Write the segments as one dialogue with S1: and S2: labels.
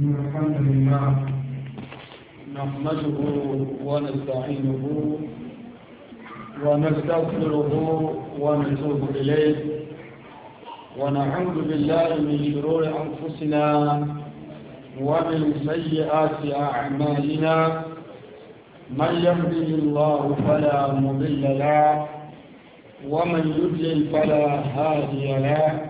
S1: الحمد لله نحمده ونستعينه ونستغفره ونتوب إليه ونعوذ بالله من شرور أنفسنا ومن سيئات أعمالنا من يهده الله فلا مضل له ومن يضلل فلا هادي له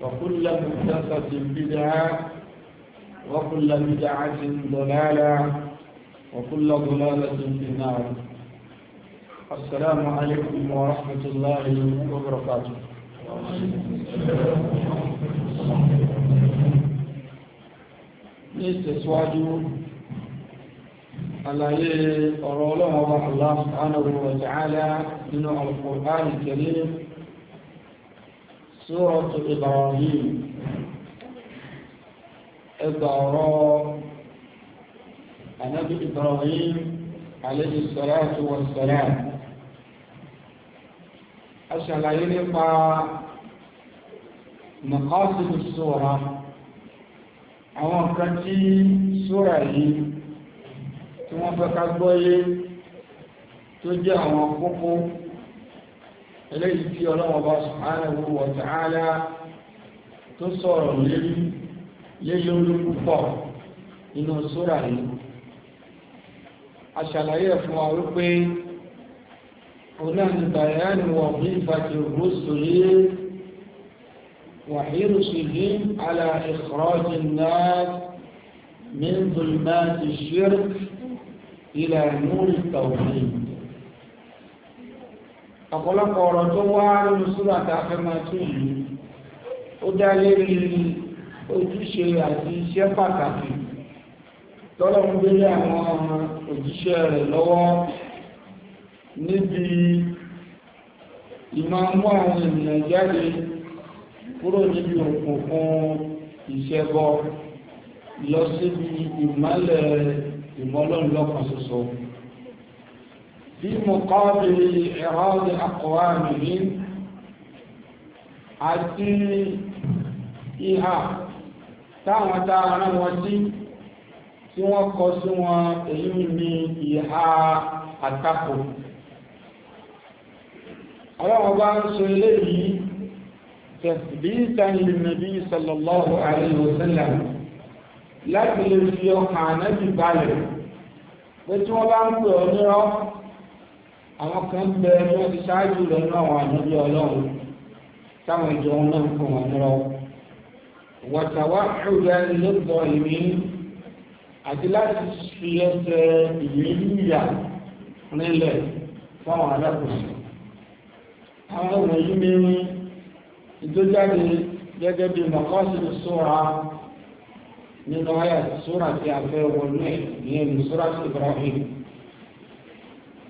S1: وكل محدثة بدعة وكل بدعة ضلالة وكل ضلالة في النار السلام عليكم ورحمة الله وبركاته nítẹ̀síwájú àlàyé ọ̀rọ̀ ọlọ́run ọba Allah subhanahu wa ta'ala nínú Al-Qur'an Al-Karim سورة إبراهيم إبراهيم النبي إبراهيم عليه الصلاة والسلام أشعل يلقى مقاصد السورة àwọn kan tí sóra yìí tí wọ́n eléyìí tí ọlọ́wọ́n bá subhanahu wa ta'ala tó sọ̀rọ̀ lérí léyìn olókùn pọ̀ inú sóra yìí aṣàlàyé fún wa wípé onáà ní bàyánì wọ̀n ní ìfàtí rusuli وحرصهم على إخراج الناس من ظلمات الشرك إلى نور ọ̀pọ̀lọpọ̀ ọ̀rọ̀ tó wá nínú súrà tá a fẹ́ máa tún yìí ó dá lérí ojúṣe àti iṣẹ́ pàtàkì tọ́lọ́ ń gbélé àwọn òjíṣẹ́ rẹ̀ lọ́wọ́ níbi ìmọ̀ mú àwọn ènìyàn jáde kúrò níbi òkùnkùn ìṣẹ́bọ lọ síbi ìmọ́lẹ̀ ìmọ́lọ́nlọ́kan ṣoṣo. في مقابل إعراض أقوامهم àti ìhà táwọn dára wọn sí tí wọ́n kọ sí wọn èyí ni ìhà àtakò ọlọ́wọ́ bá ń sọ ilé sallallahu alayhi wa sallam àwọn kan bẹ wọ́n ti ṣáájú rẹ̀ ní àwọn ànábì ọlọ́run táwọn ìjọ wọn náà fún wọn lọ wọ̀tàwá ṣùgbọ́n ẹni ló bọ̀ ìmí àti láti fi ẹsẹ̀ ìyẹ́lúyà nílẹ̀ fáwọn alákòóso àwọn wọ̀nyí ní ìdójáde gẹ́gẹ́ bí mọ̀kọ́sílù sóra nínú ayà sóra tí a fẹ́ wọlé ní ẹni sóra sí Ibrahim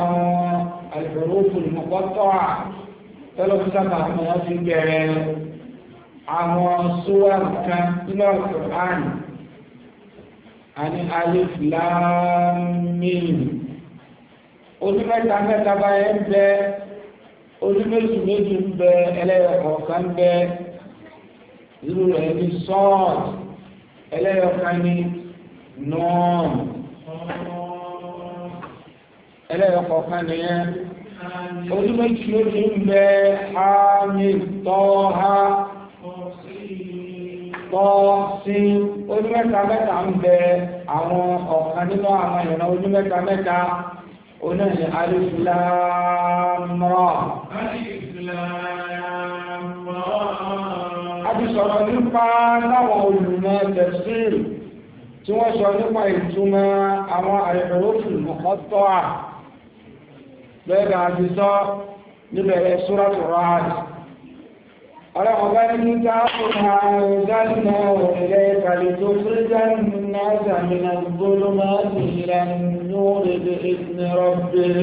S1: àwọn àlùfòrófò ìmọ̀kọ́tọ́ à tọ́lọ́fíṣà àwọn ọmọ ti bẹ̀rẹ̀ àwọn sówà kan nínú àlùfòránì àní alif lam mim onímẹ́ta mẹ́ta báyẹ̀ ń bẹ onímẹ́sù méjì ń bẹ ẹlẹ́yọ̀kọ̀ọ̀kan ń bẹ irú rẹ̀ ní sọ́ọ̀tì ẹlẹ́yọ̀kan ní nọ́ọ̀mù ẹlẹ́yọkọ̀ kan nìyẹn ojú méjì méjì ń bẹ àmì tọ́ha tọ́sí ojú mẹ́ta mẹ́ta ń bẹ àwọn ọ̀kan nínú àwọn ìran ojú mẹ́ta mẹ́ta onáyẹ alìsìláàmọ́ a ti sọ̀rọ̀ nípa láwọn olùmọ̀ tẹ̀síìrì tí wọ́n sọ nípa ìtumọ̀ àwọn àìfẹ̀rọ́fù mọ̀kọ́tọ́ à lẹ́gbẹ̀ àti sọ níbẹ̀rẹ̀ súrọ̀tù ráàdì bá ní ká fòkà ìdánilẹ̀ òmìnira ìkàlẹ̀ tó tó dánilẹ̀ àtàmìnà gbólómà ti ìlànà lórí ìdíni rọ̀bẹ̀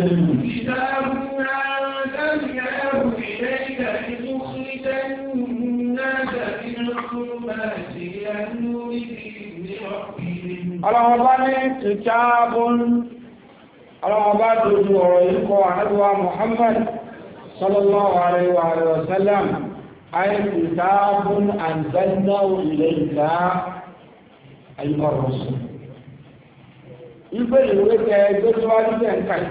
S1: ọlọ́pàá ní kìtàbùn ọlọ́wọ́ bá dojú ọ̀rọ̀ yìí kọ àádọ́wà Muhammad sallallahu alaihi wa sallam ayé kitabun anzalnahu ilayka ayyuhar rasul ife ìwé tẹ ẹgbẹ́ tó wá nílẹ̀ ń kàì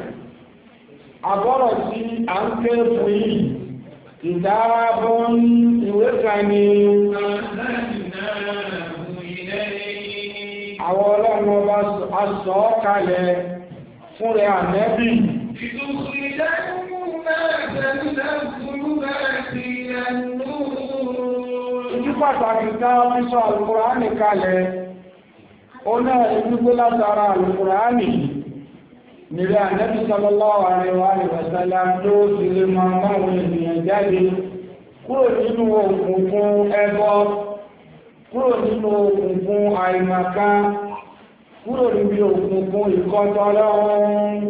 S1: àbọ̀rọ̀ tí a ń ké fún àwọn ọlọ́run ọba aṣọ kalẹ̀ fún rẹ̀ ànẹ́bì. Ìjú pàtàkì ká wọ́n sọ Alùkùránì kalẹ̀, ó náà ìgbígbó látara Alùkùránì nílé ànẹ́bì sallallahu alaihi wa sallam tó sì lè máa máwọn ènìyàn jáde kúrò nínú òkùnkùn ẹbọ, kúrò nínú òkùnkùn àìmàká kúrò níbi òkùnkùn ìkọtọlọ́run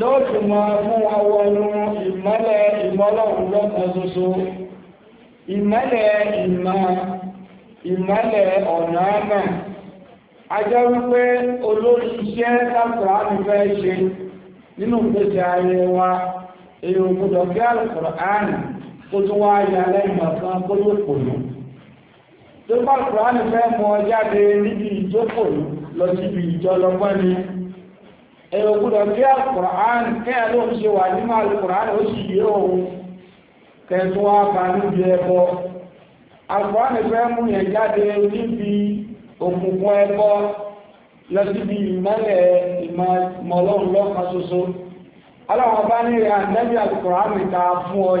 S1: lóòtù máa fún ọwọ́nú ìmọ́lẹ̀ ìmọ́lọ́run lọ́pọ̀ soso ìmọ́lẹ̀ ìmọ̀ ìmọ́lẹ̀ ọ̀nà àmà ajẹ́ wípé olórí iṣẹ́ ṣe nínú ayé wa èyí òkúdọ̀ kí kó tún wá yà lẹ́yìn kó tó bá kùránì fẹ́ mọ jáde níbi ìjókòó lọ síbi ìjọ lọ́gbọ́n ni ẹ̀rọ gbọ́dọ̀ kí àkùránì ló ń ṣe wà nínú àkùránì ó sì yé ohun kẹ́ẹ̀tún wá níbi ẹbọ àkùránì fẹ́ mú yẹn jáde níbi òkùnkùn ẹbọ lọ síbi ìmọ́lẹ̀ ìmọ̀lọ́run ṣoṣo aláwọ̀ bá ní àkùránì ta fún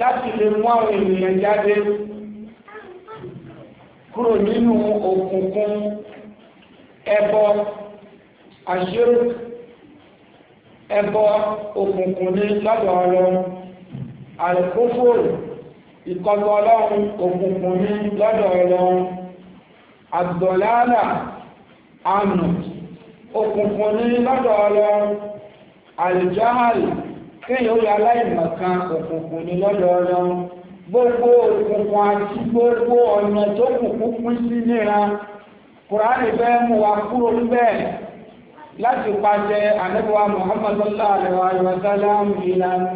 S1: láti lè mú àwọn ènìyàn jáde kúrò nínú òkùnkùn ẹbọ àṣírí ẹbọ òkùnkùn ní lọ́dọ̀ ọlọ́run àìkófò ìkọlù ọlọ́run òkùnkùn ní lọ́dọ̀ ọlọ́run àgbọ̀láàlà àmì òkùnkùn ní lọ́dọ̀ ọlọ́run àìjáhàlì kéèyàn ó yọ aláìmọ̀kan òkùnkùn ní lọ́dọọdún gbogbo òkùnkùn àti gbogbo ọ̀nà tó kùnkùn pín sí níra kùránì bẹ́ẹ̀ mú wa kúrò níbẹ̀ láti pàṣẹ àdébọ̀wá muhammadu sallallahu alaihi wa sallam ìlànà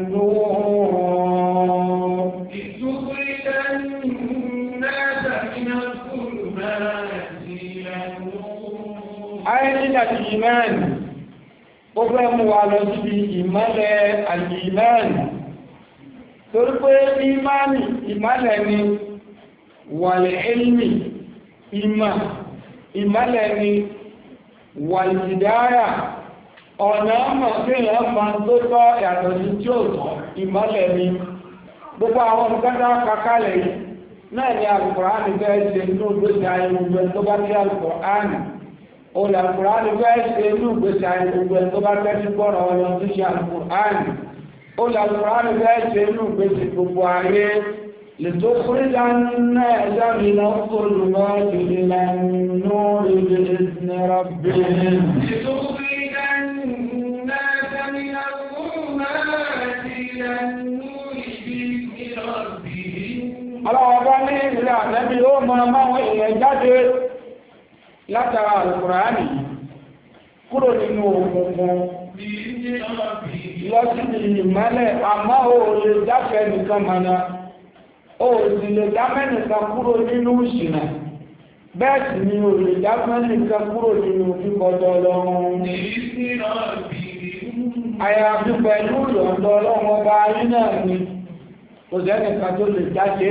S1: Ayé nígbà ti ó fẹ́ mú wa lọ síbi ìmọ́lẹ̀ àlìmáàlì torí pé ìmáàlì ìmọ́lẹ̀ ni wàlẹ̀ẹ́lì ìmọ̀ ìmọ́lẹ̀ ni wàlìdáyà ọ̀nà ọmọ sí ìlànà tó tọ́ yàtọ̀ sí tí ó tọ́ ìmọ́lẹ̀ ni gbogbo àwọn olùkọ́ta kakalẹ̀ náà ni alùpùpù àmì bẹ́ẹ̀ ṣe ní ògbésí ayé gbogbo olùkùránì fẹ́ ṣe inú ìgbésí ayé gbogbo ẹ̀ tó bá fẹ́ sí gbọ́rọ̀ ọ̀yọ́ tó ṣe àlùkùránì olùkùránì fẹ́ ṣe inú ìgbésí gbogbo ayé lè tó kúrú dáná ẹ̀dá mi náà kó lùmọ́ ìdílé nínú ìdílé nira bẹ́ẹ̀. Aláwọ̀ bá ní ìrìnlẹ̀ àtẹ́bí ó mọ ọmọ ìrìn jáde látara àlùkùránì kúrò nínú òkùnkùn lọ sí ìmọ́lẹ̀ àmọ́ ò lè dáfẹ́ nìkan mọ́nà ò sì lè dáfẹ́ nìkan kúrò nínú ìṣìnà bẹ́ẹ̀ sì ni ò lè dáfẹ́ nìkan kúrò nínú fífọ́dọ̀ ọlọ́run àyàfi pẹ̀lú ìrọ̀ndọ̀ ọlọ́run ọba ayé náà ni kò sẹ́nìkan tó lè jáde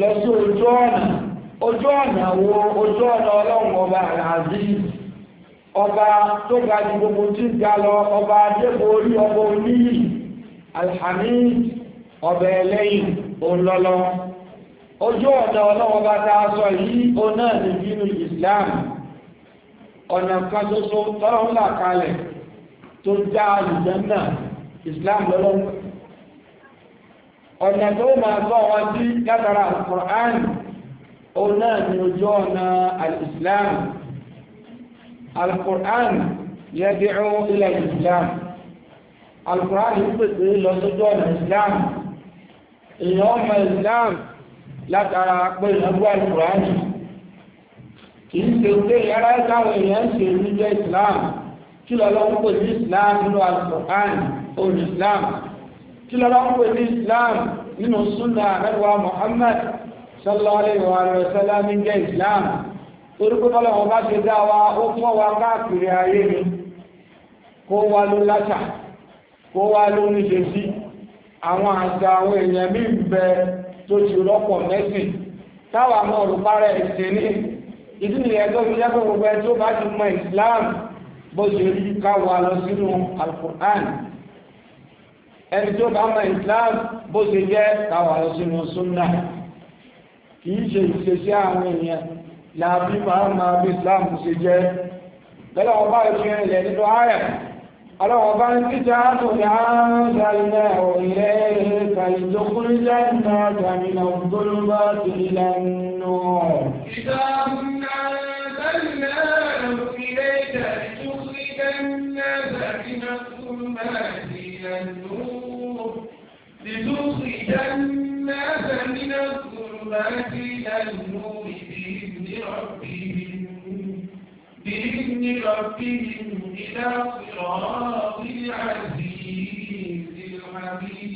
S1: lọ sí ojú ọ̀nà ojú ọ̀nà wo ojú ọ̀nà ọlọ́run ọba aziz ọba tó ga ju gbogbo tí ń ga lọ ọba adébò orí ọba oníyì alhamid ọba ẹlẹ́yìn òǹlọ́lọ́ ojú ọ̀nà ọlọ́run ọba tá sọ yìí ó ní bínú islam ọ̀nà kan ṣoṣo tọ́lọ́run kalẹ̀ tó dá àlùjẹ́ náà islam lọ́lọ́run ọ̀nà tó máa gbọ́ wọn jí látara alukur'an òun náà ni ojú ọ̀nà alìsílám alukur'an yẹ́dìrú ilẹ̀ islam alukur'an ń pèsè lọ sójú ọ̀nà islam èèyàn ọmọ islam látara pé ìlọ́gbọ́ alukur'an kìí ṣe pé yàrá ìkáwọn èèyàn ṣe ìlú jẹ́ islam kí lọ́lọ́ ń pè islam nínú alukur'an òun islam. islam kí lọ́la ń pè ní islam nínú súnà àmẹ́wà muhammad sallallahu alaihi wa sallam ní jẹ́ islam orúkọ tọ́lọ̀ wọn bá ṣe dá wa ó fọ́ wa káàkiri ayé mi kó wa ló láṣà kó wa ló ní ṣe sí àwọn àṣà àwọn èèyàn mí bẹ tó ti rọ́pọ̀ mẹ́sìn táwa mọ òrùpa rẹ̀ ní ìdí nìyẹn tó fi jẹ́kọ̀ gbogbo ẹ tó bá ti mọ islam bó ṣe rí káwa lọ sínú alukur'an ẹni tó bá mọ̀ islam bó ṣe jẹ́ káwà lọ sínú súnnà kì í ṣe ìṣesí àwọn èèyàn láàbí máa ma bí islam ṣe jẹ́ lọ́lọ́wọ́ bá ìṣe ilẹ̀ nínú ààrẹ ọlọ́wọ́ bá ń kíjà tó ní àárín ilẹ̀ kàìjọkùnrin lẹ́yìn náà gàmìnà gbólúbá ti ìlànà ìdáhùn أرسلنا إليك لتخرج من النور لنخرج الناس من الظلمات النور بإذن ربهم بإذن ربهم إلى صراط العزيز الحميد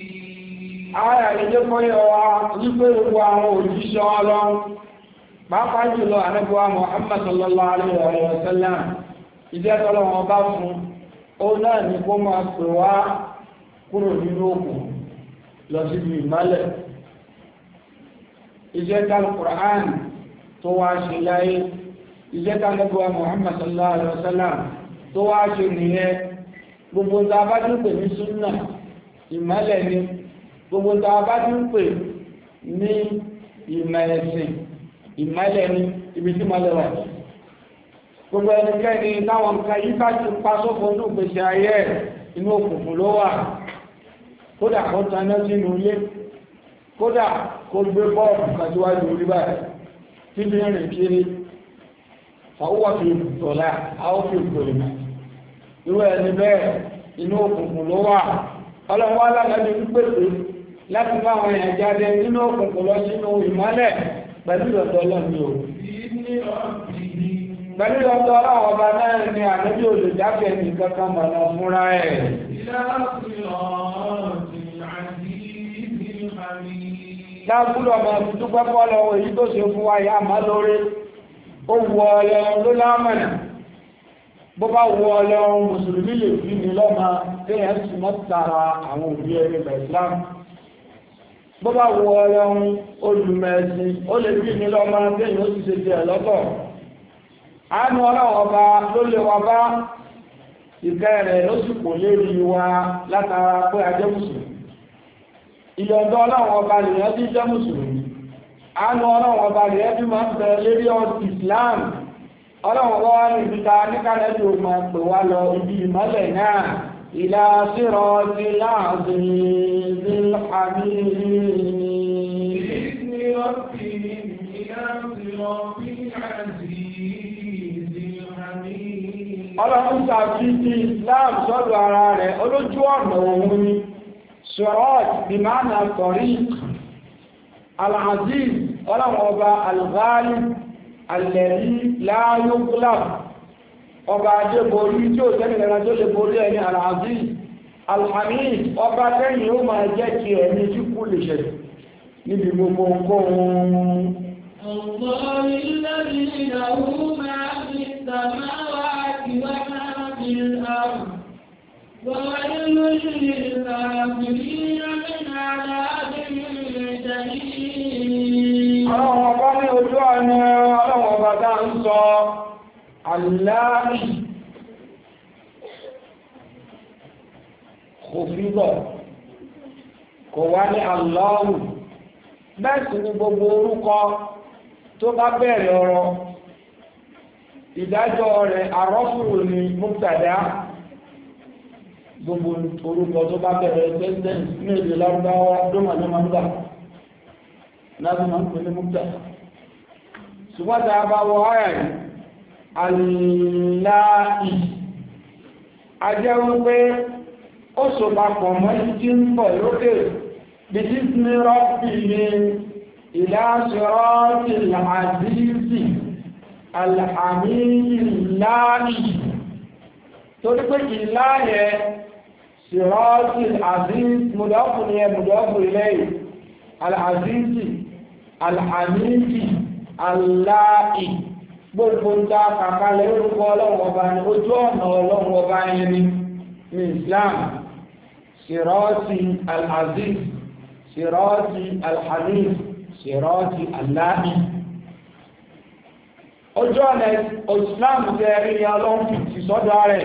S1: Ara ìjẹ́ mọ́yọ̀ wa wípé gbogbo àwọn òjíṣẹ́ ọlọ́run, pàápàá jùlọ àrẹ́gbọ́wà Muhammad sallallahu alaihi wa sallam, ìjẹ́ tọ́lọ́wọ́n bá fún, ó náà ní kó máa pè wá kúrò nínú òkun lọ síbi ìmálẹ̀ iṣẹ́ Al-Qur'an tó wá ṣe láyé iṣẹ́ tàbí Muhammad sallallahu alaihi wasallam tó wá ṣe nìyẹn gbogbo ta bá ti ń pè ní súnà ìmálẹ̀ ni gbogbo ta bá ti ń pè ní ìmọ̀ ẹ̀sìn ìmálẹ̀ ni ibi tí mọ́lẹ̀ wà ní gbogbo ẹnikẹ́ni táwọn nǹkan yí bá ti pa sófin ní ìgbésí ayé inú òkùnkùn ló wà kódà kó taná sínú ilé kódà kó gbé bọ́ọ̀bù kàtíwájú orí báyìí tí bí rìn kiri fàwọ́ fi tọ̀lá àwọn fi gbòrìmà irú ẹni bẹ́ẹ̀ inú òkùnkùn ló wà ọlọ́wọ́ alágbàdì ń pèsè láti máa wọn ẹ̀jáde nínú òkùnkùn lọ sínú ìmọ́lẹ̀ pẹ̀lú ìrọ̀tọ́ ọlọ́run pẹ̀lú ọjọ́ aláwọ̀ ọba náà ni àdójú olùjáfẹ́ ní kankan mọ̀nà fúnra ẹ̀. láàbùlọ̀ ọmọ tuntun pẹ́pọ́ lọ́wọ́ èyí tó ṣe fún wa yá má lórí ó wọ ọlọ́run ló lámọ̀nà bó bá wọ ọlọ́run mùsùlùmí lè fi ní lọ́mọ téèyàn sì mọ́ tara àwọn òbí ẹni bẹ̀sílámù bó bá wọ ọlọ́run olùmẹ̀ẹ̀sìn ó lè fi ní lọ́mọ téèyàn ó sì ṣe tiẹ̀ lọ́tọ̀ àánú ọlọ́run ọba ló lè wa bá ìkẹ́ rẹ̀ ló sì kò lérí wa látara pé a jẹ́ mùsùlùmí ìyọ̀dọ̀ ọlọ́run ọba lèyàn ti jẹ́ mùsùlùmí àánú ọlọ́run ọba lèyàn ti máa ń bẹ lérí Islam ọlọ́run ọba wá ní ìbíta níkàlẹ́ tí o máa pè wá lọ ibi ìmọ́lẹ̀ náà ìlà sírọ̀ ti láàbìn ní ọlọ́pùsà fi ti islam sọ́dọ̀ ara rẹ̀ olójú ọ̀nà òun ni ṣọ́ọ̀t ìmáàna sọ̀rí al-aziz ọlọ́wọ́ba al-ghali alẹ́rí láyógúlàm ọba ajéborí tí ó tẹ́lẹ̀ lẹ́ra tó lè borí ẹni al-aziz al-hamid ọba tẹ́yìn ó máa jẹ́ kí ẹni tí kú lè ṣẹlẹ̀ níbi gbogbo nǹkan وويل للكافرين من عذاب شديد àwọn ọba ní ojú àmì ọlọ́wọ̀n ọba dá ń sọ aláàrí kò fíbọ̀ kò wá ní aláàrù bẹ́ẹ̀sì gbogbo orúkọ tó bá bẹ̀rẹ̀ ọ̀rọ̀ ìdájọ́ rẹ̀ arọ́fùrù ni mútàdá gbogbo orúkọ tó bá bẹ̀rẹ̀ president ní èdè lárúbáwá dọ́mà ní mọ́gbà láti máa ń pè ní mọ́gbà ṣùgbọ́n tá a bá wọ ara aláì ajẹ́ wípé ó so papọ̀ mọ́ títí ń bọ̀ lókè bí tí ní rọ́pì ní ìlàṣọ́rọ́tì àdíìsì alàmì ìláì torí pé ìláyẹ sirọ́ọ̀sì aziz mùdọ́kù ni ẹ mùdọ́kù ilẹ̀ al'azizi al'amiki aláì gbogbo ń ta kàkàlẹ̀ orúkọ ọlọ́run ọba ni ojú ọ̀nà ọlọ́run ọba ẹni ní islam sirọ́ọ̀sì al'aziz sirọ́ọ̀sì al'amik sirọ́ọ̀sì aláì ojú ọ̀nà islam jẹ́ ẹ̀rí ni ti sọ́dọ̀ rẹ̀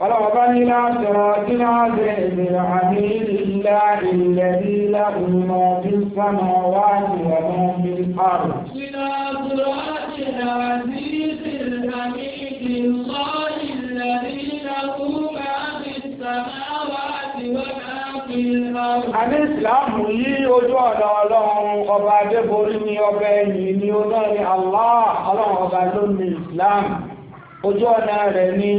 S1: ولقد لا صراط العزيز الحميد الله الذي له ما في السماوات وما في الارض صراط العزيز الحميد الله الذي له ما في السماوات وما في الارض àní ìsìláàmù yí ojú ọ̀nà ọlọ́run ọba adébórí ni ọba ẹ̀yìn ni ó náà ni allah ọlọ́run ọba ló ní ìsìláàmù ojú ọ̀nà rẹ̀ ni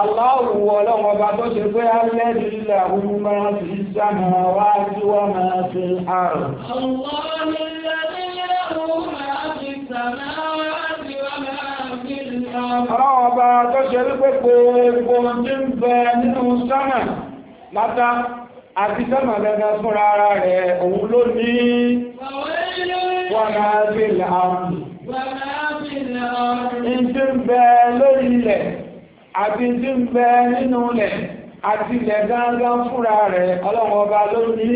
S1: Aláwò ọlọ́wọ́ bá tó ṣe pé á lẹ́rí ilẹ̀ àwọn máa fi sáàmà wá tí wọ́n máa fi àrùn. Aláwọ̀ bá tó ṣe rí pé gbogbo tí ń bẹ nínú sáàmà látá àti sáàmà lẹ́nà fúnra ara rẹ̀ òun ló ní wọ́n máa fi àrùn. Ìjẹ́ bẹ lórí ilẹ̀. àti tí bẹ nínú ilẹ̀ àti ilẹ̀ gángan fúnra rẹ̀ ọlọ́wọ́ ọba ló ní.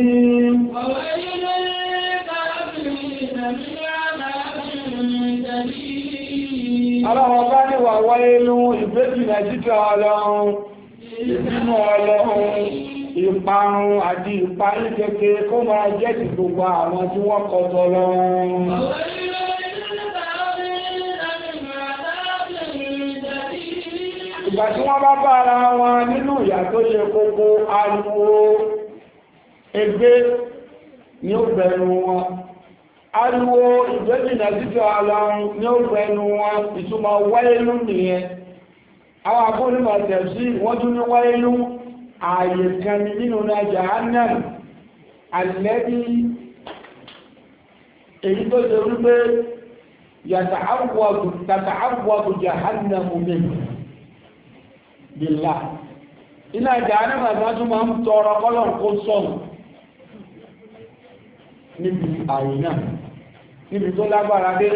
S1: ọlọ́run ọba wà wàwá inú ìgbésì títà ọlọ́run ìbínú ọlọ́run ìparun àti ìparí kékeré kó máa jẹ́ ti gbogbo àwọn tí wọ́n kọ́ tọ́lọ́run. ìgbà tí wọ́n bá bá ara wọn nínú ìyà tó ṣe kókó ariwo ẹgbẹ́ ni ó bẹ̀rù wọn ariwo ìgbẹ́jìnà títọ́ aláhun ni ó bẹ̀rù wọn ìtumọ̀ wáyélú nìyẹn àwọn akónímọ̀ tẹ̀sí wọ́n tún ní wáyélú ààyè kan nínú náà jahannam àlẹ́bí èyí tó ṣe wípé bílá iná ìjà anẹ́bàtà tún máa ń tọrọ kọ́lọ̀n kó sọ̀rọ̀ níbi àyè náà níbi tó lágbára dé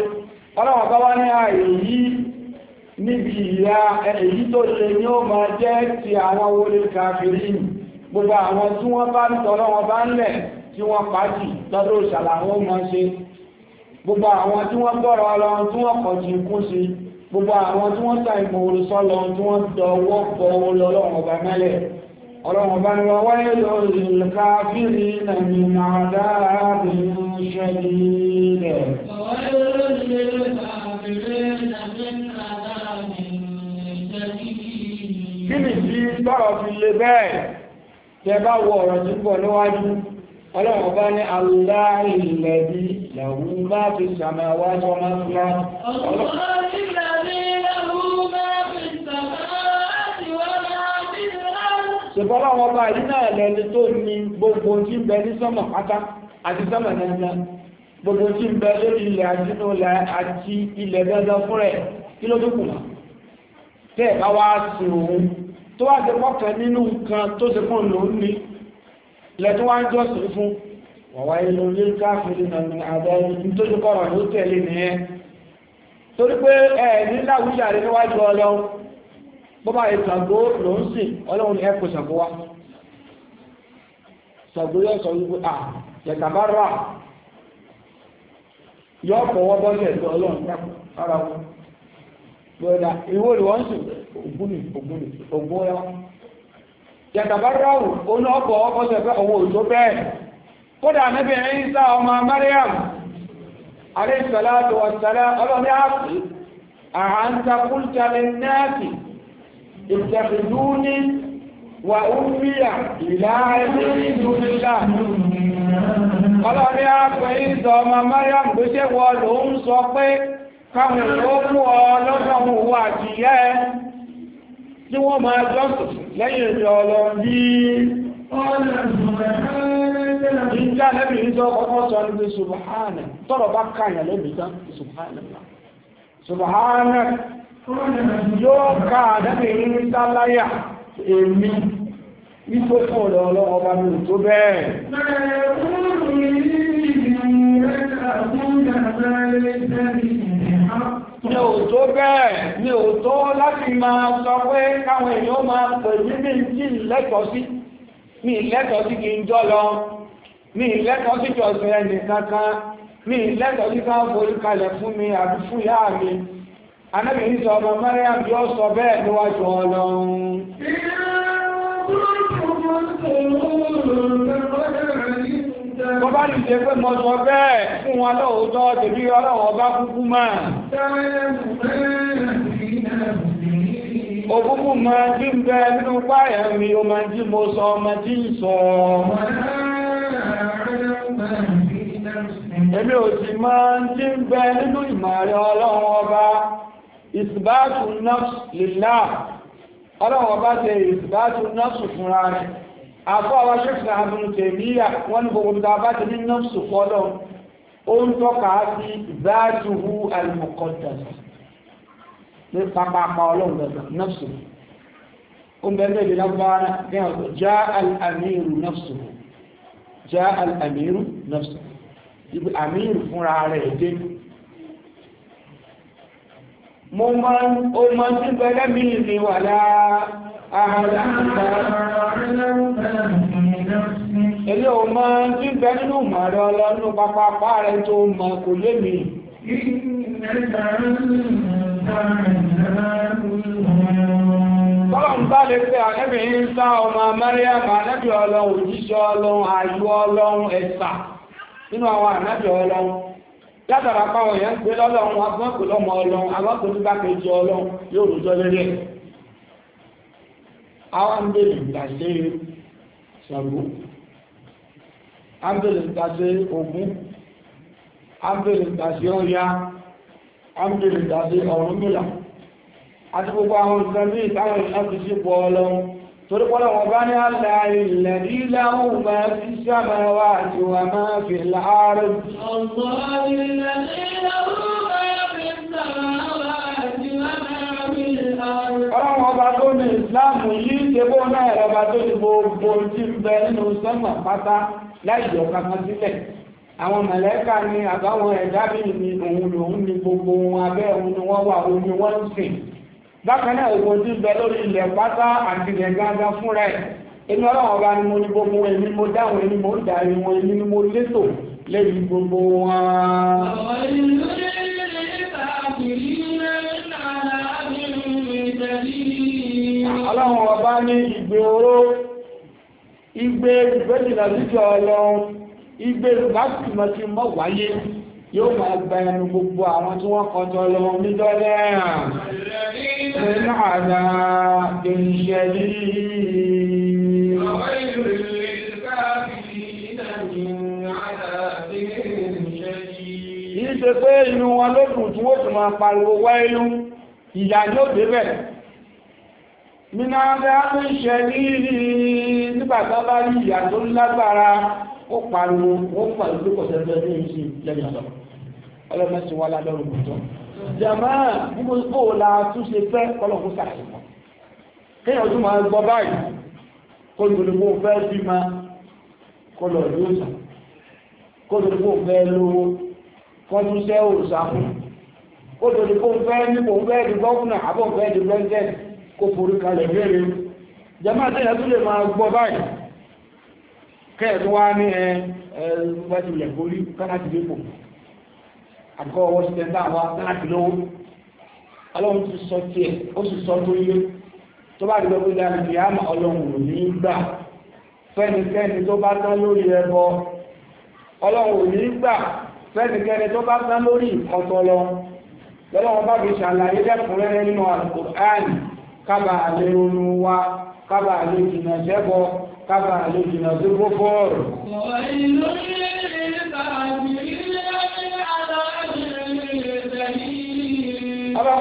S1: ọlọ́wọ̀n bá wá ní ààyè yìí níbi ìyá èyí tó ṣe ní ó máa jẹ́ ti àwọn olè kàfìrín gbogbo àwọn tí wọ́n bá ń tọrọ wọn bá ń lẹ̀ tí wọ́n pàájì lọ́dọ̀ ìṣàlà wọn máa ṣe gbogbo àwọn tí wọ́n gbọ́rọ̀ ọlọ́run tí wọ́n kọ̀ sí ikú sí gbogbo àwọn tí wọ́n ta ìmọ̀ olùsọ́lọ tí wọ́n dọwọ́ pọ̀ olọ́lọ́wọ́n ọba mẹ́lẹ̀ ọlọ́wọ́n bá ní wọ́n wáyé lórí káfíìrì nàmì àdáàbìn ṣẹ́lì rẹ̀ kí ni tí bọ́rọ̀ ọlọ́run bá ní aláìlẹ́bí lẹ́wọ́n bá fi sàmẹ́wájọ́ máa ń lọ ọlọ́run ṣèbọ́lá wọn bá yìí náà lẹni tó ní gbogbo tí ń bẹ ní sánmà pátá àti sánmà nẹ́nà gbogbo tí ń bẹ lórí ilẹ̀ àdínú ilẹ̀ àti ilẹ̀ dandan fún rẹ̀ kí ló dúkù náà tẹ́ ẹ̀ bá wá sí òun tó wá ti pọ́kàn nínú nǹkan tó ti fún lòun ní ilẹ̀ tó wá ń jọ́sìn fún wàwá ilé orí káàkiri náà ní àbẹ́rin tó ti kọ́rọ̀ ló tẹ̀lé nìyẹn torí pé ẹ̀ níláwùjáre níwájú ọlọ́run bọ́bá ìtàgó ló ń sìn ọlọ́run ẹ kò ṣàgó wá ṣàgó yóò sọ wípé à yẹ̀tàbá rà yọ fọwọ́ bọ́sẹ̀ tó ọlọ́run sára wọn gbọ́dá ìwò ni wọ́n sùn ògúnì ògúnì ògún ya yẹ̀tàbá ráwù ó ní ọkọ̀ ọkọ̀ṣẹ̀ fẹ́ owó òjò bẹ́ẹ̀ kódà níbi ẹ̀yìn sá ọmọ Mariam alẹ́ tó wà sẹ́lẹ̀ ọlọ́run á pè àhántà kúlùtà lẹ́nẹ́ẹ̀sì ìtẹ̀fìdúní wà úmíyà ìlàáyé ìdúnilá ọlọ́rí àpẹ ìzọ ọmọ mariam tó wọ ló ń sọ pé káwọn tó mú ọ lọ́dọ̀ òwò àjíyẹ́ tí wọ́n máa jọ́sùn lẹ́yìn ìjọ ọlọ́run bí ìjá lẹ́bí ìjọ ọkọ̀ yóò ká àdábẹ̀ ní sáláyà èmi nípò fún ọ̀dọ̀ ọlọ́wọ́ bá mi tó bẹ́ẹ̀ mi ò tó bẹ́ẹ̀ mi ò tó láti máa sọ pé káwọn èèyàn máa pẹ̀lú mi tí lẹ́tọ̀ọ́ sí mi kí n jọ lọ mi lẹ́tọ̀ọ́ sí jọ sí kankan mi lẹ́tọ̀ọ́ sí anábì ní sọ ọmọ Mariam yóò sọ bẹ́ẹ̀ níwájú Ọlọ́run Bọ́bá lè ṣe pé mo sọ bẹ́ẹ̀ fún wọn lóòótọ́ tèbí ọlọ́wọ́ bá kúkú máa. Òkúkú máa jí ń bẹ nínú páyà mi, o máa jí mo sọ ọmọ tí ń sọ. Èmi ò sì máa jí ń bẹ nínú ìmọ̀ rẹ̀ ọlọ́wọ́ bá ìsìbáàtù nọ́ọ̀sù lèlá ọlọ́wọ́ bá tẹ ìsìbáàtù nọ́ọ̀sù fúnra rẹ̀ àfọ́ àwọn ṣẹ́fì àbúrú tèmíyà wọ́n ní gbogbo ìdá bá ti ní nọ́ọ̀sù fọ́lọ́ ó ń tọ́ka sí ìbáàtùhù al-muqaddas ní pápápá ọlọ́run gbẹ̀gbẹ̀ nọ́ọ̀sù ó ń bẹ́ẹ̀ mo máa ń tí bẹ̀rẹ̀ mi ní wà láà ààrẹ ilé o máa ń tí bẹ nínú mọ̀rẹ̀ ọlọ́nú pápápá rẹ tó mọ̀ kò lé mi Bọ́lọ̀n bá lè pé àrẹ́bìnrin sá ọmọ Mẹ́ríàmà lẹ́bí ọlọ́run òjíṣẹ́ ọlọ́run àyú ọlọ́run ẹ̀sà nínú àwọn ànábì ọlọ́run látara páwọn èèyàn gbé lọ́lọ́run agbọ́nkò lọ́mọ ọlọ́run agbọ́nkò tó bá kejì ọlọ́run yóò rújọ́ lórí ẹ̀ àwọn ń bèèrè ìgbàṣẹ́ Ṣàngó a ń bèèrè ìgbàṣẹ́ Ògún a ń bèèrè ìgbàṣẹ́ Ọya a ń bèèrè ìgbàṣẹ́ Ọ̀rúnmìlà àti gbogbo àwọn ìsànmí ìtàwọn ìsànfisípò ọlọ́run torí pọ́lọ̀ wọn bá ní aláàrí lẹ́rí láhùn máa fi sábà wá àti wà máa fi láàárọ̀. ọlọ́wọ́n ọba tó ní ìsìláàmù yìí tẹ́bọ́ náà ẹ̀rọba tó ní gbogbo tí ń bẹ nínú sẹ́mà pátá láìjọ kankan àwọn mẹ̀lẹ́kà ni àbáwọn ẹ̀dá ni òun lòun ni gbogbo wọn abẹ́ òun ni wọ́n wà òun wọ́n sìn bákan náà ìwọ̀n tí ń bẹ lórí ilẹ̀ pátá àti ilẹ̀ gángan fúnra ẹ̀ inú ọlọ́wọ́n bá ní mo ní gbogbo èmi mo dáhùn èmi mo dárí wọn èmi ni mo létò lẹ́yìn gbogbo wọn. ọlọ́wọ́n ọba ní ìgbé oró ìgbé ìgbé jìnnà síjọ ọlọ́run ìgbé ìgbà tìmọ̀tìmọ̀ wáyé yóò máa gba ẹnu gbogbo àwọn tí wọ́n kọjọ lọ níjọ́ lẹ́yìn nínú àdá ìṣẹ́ yìí. Yìí ṣe pé inú wọn ló dùn tí wọ́n tún máa pariwo wá inú ìyà ní òdé bẹ̀rẹ̀. Mínú àdá ìṣẹ́ yìí nígbàtá bá rí ìyà tó lágbára ó pariwo ó pàdé pé kọ̀sẹ̀ ọlọ́mọsí wà lálọ́rùn mọ̀tọ́ jàmáà gbogbo ìpò la tún ṣe fẹ́ ọlọ́kún sàrẹ̀ mọ́ kí ọdún máa gbọ́ báyìí kó lòlùmọ́ fẹ́ bí ma kó lọ ìlú òsà kó lòlùmọ́ fẹ́ lówó kó tún ṣẹ́ òrùsà fún kó lòlùmọ́ fẹ́ nípò fẹ́ di gọ́ọ̀nà àbọ̀ fẹ́ di president kó forí kalẹ̀ mẹ́rin jàmáà tẹ́yà tún lè máa gbọ́ báyìí kẹ́ẹ̀ tún wá ní ẹ ẹ wájú ilẹ̀ borí kánáà ti àbíkọ́ ọwọ́ sí ẹgbẹ́ àwọn láti lówó ọlọ́run ti sọ tiẹ̀ ó sì sọ tó yé tó bá àmà ọlọ́run ò ní gbà fẹ́nikẹ́ni tó bá tán lórí ẹbọ ọlọ́run ò ní gbà fẹ́nikẹ́ni tó bá tán lórí ìkọtọlọ lọ́lọ́run bá fi ṣàlàyé lẹ́kùnrẹ́rẹ́ nínú kábà wa kábà gbogbo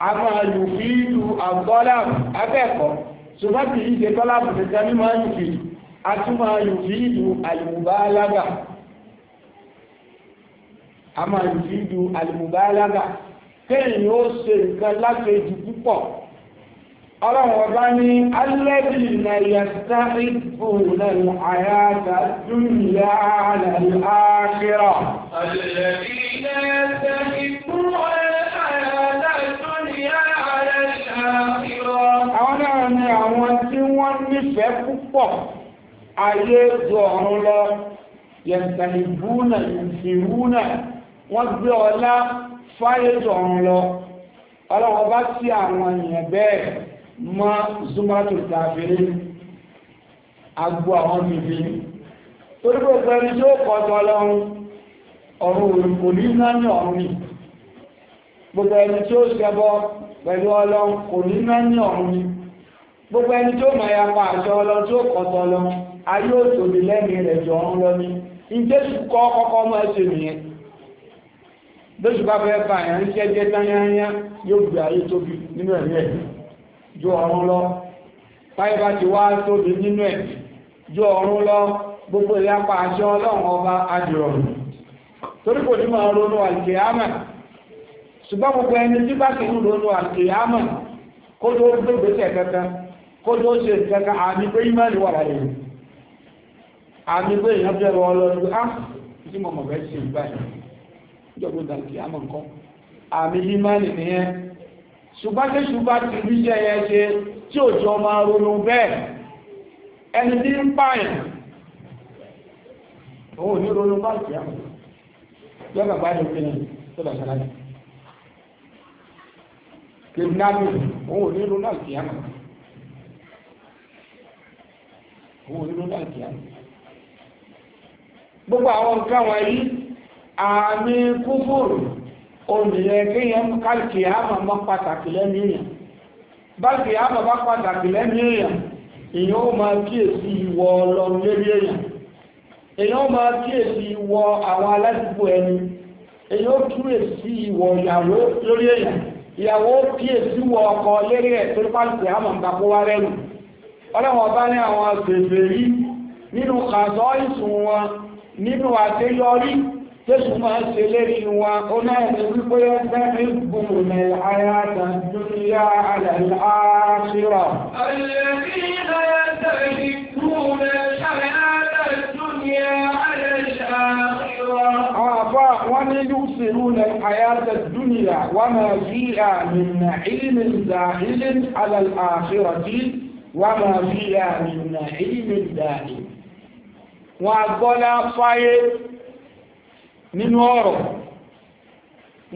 S1: a máa lù fi ìlú àgbọ́láàbù akẹ́kọ̀ọ́ ṣùgbọ́n kì í ṣe tọ́láàbù nìkan ní máa lù fi a tún máa lù fi ìlú àlùmùbálágà a máa lù fi ìlú àlùmùbálágà kéèyàn ó ṣe nǹkan láti ju púpọ̀ ọlọ́run ọba ní alẹ́bí na àwọn náà ni àwọn tí wọ́n nífẹ̀ẹ́ púpọ̀ ayé ju ọ̀run lọ yẹ̀ntàlìbúnà ìfìrúnà wọ́n gbé ọlá fáyé ju ọ̀run lọ ọlọ́wọ́ bá sí àwọn èèyàn bẹ́ẹ̀ mọ́ zumatu tàbírí agbó àwọn bìbí torí gbogbo ẹni tí ó ọ̀run òní pẹ̀lú ọlọ́run kò ní mẹ́ni ọ̀run ni gbogbo ẹni tó mọ̀ ya pa àṣẹ ọlọ́run tó kọ̀tọ̀ lọ ayé òtòbí lẹ́ni rẹ̀ jọ ọ̀run lọ ni ìjésù kọ́ kọ́kọ́ mọ́ ẹsẹ̀ nìyẹn lóṣù bá fẹ́ bá ẹ̀yàn ń jẹ́jẹ́ tányányá yóò gbé ayé tóbi nínú ẹ̀mí ẹ̀ jọ ọ̀run lọ báyìí bá ti wá tóbi nínú ẹ̀ jọ ọ̀run lọ gbogbo ìyapa àṣẹ ọlọ́run ọba adìrọ̀rùn torí kò ní máa ronú àlùkè ámà ṣùgbọ́n gbogbo ẹni tí bá ti ń ronú àkèyámọ̀ kó tó gbé ìgbésẹ̀ kankan kó tó ṣe kankan àmì pé ìmọ̀lì wà láyé àmì pé èèyàn fẹ́ rọ ọlọ́run á ah, tí mo mọ̀ bẹ́ẹ̀ ṣe ìgbà yìí ìjọba àkèyámọ̀ nǹkan àmì ìmọ̀lì nìyẹn ṣùgbọ́n tí ṣùgbọ́n ti rí iṣẹ́ yẹn ṣe tí ò jọ máa ronú bẹ́ẹ̀ ẹni tí ń pààyàn òun ò ní ronú bá ìkẹyàmọ̀ yọ́gàbá ní òkè náà tó lọ yìí kìdínámì òun ò ní ronú àkíyàmù òun ò ní ronú àkíyàmù gbogbo àwọn nǹkan wọ̀nyí àmì kúfùrù òmìnira kéèyàn kálkìyàmù mọ́ pàtàkì lẹ́nu èèyàn báàkì àmà bá pàtàkì lẹ́nu èèyàn èèyàn ó máa kíyèsí ìwọ ọlọ́run lérí èèyàn èèyàn ó máa kíyèsí ìwọ àwọn aládùúgbò ẹni èèyàn ó kíyèsí ìwọ ìyàwó lórí èèyàn ìyàwó pèsè wọ ọkọ lérí ẹ̀ tó pàṣẹ àmọ̀ ń bàbá wa rẹ̀rù ọlọ́wọ́n bá ní àwọn bèbè rí nínú kàzọ́ ìsùn wọn nínú àṣeyọrí tẹ́sù wọ́n ní yúùsìrú ní àyájá dúnìyà wọ́n máa fi àmìnà ilimin dàílin alàlàáfíratí wọ́n máa fi àmìnà ilimin dàílin wọ́n agbọ́lá fáyé nínú ọ̀rọ̀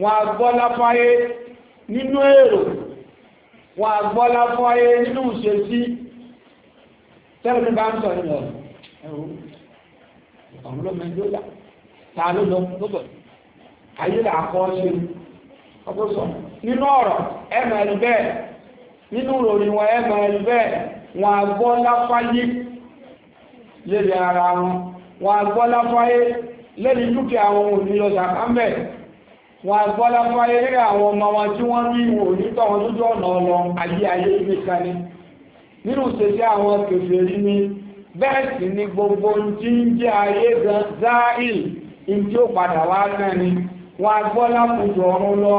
S1: wọ́n agbọ́lá fáyé nínú èrò wọ́n agbọ́lá fáyé nínú ìṣesí tẹ́lẹ̀ bá ń sọ ìlọ ẹ̀rọ ọ̀rọ̀ lọ́mọdé ó yà ta lọ lọ́bọ̀ọ́ ayé là kọ́ ṣe ọgbọ́sọ̀ nínú ọ̀rọ̀ ẹ máa rí bẹ́ẹ̀ nínú ìròyìn wọn ẹ máa rí bẹ́ẹ̀ wọn àgbọ́ láfáyé lérí ara wọn wọn àgbọ́ láfáyé lérí dúkìá wọn ò ní ọjà kámbẹ̀ wọn àgbọ́ láfáyé lérí àwọn ọmọ wọn tí wọ́n rí ìwò nítọ̀ wọn lójú ọ̀nà ọlọ ayé ayé ilé kaní nínú ìṣesí àwọn kèfèrí ni bẹ́ẹ̀ sì ni gbogbo ohun tí ń jẹ́ ayé gan záìl ní tí ó padà wá náà ni wọn agbọ́ lápòjọ ọ̀run lọ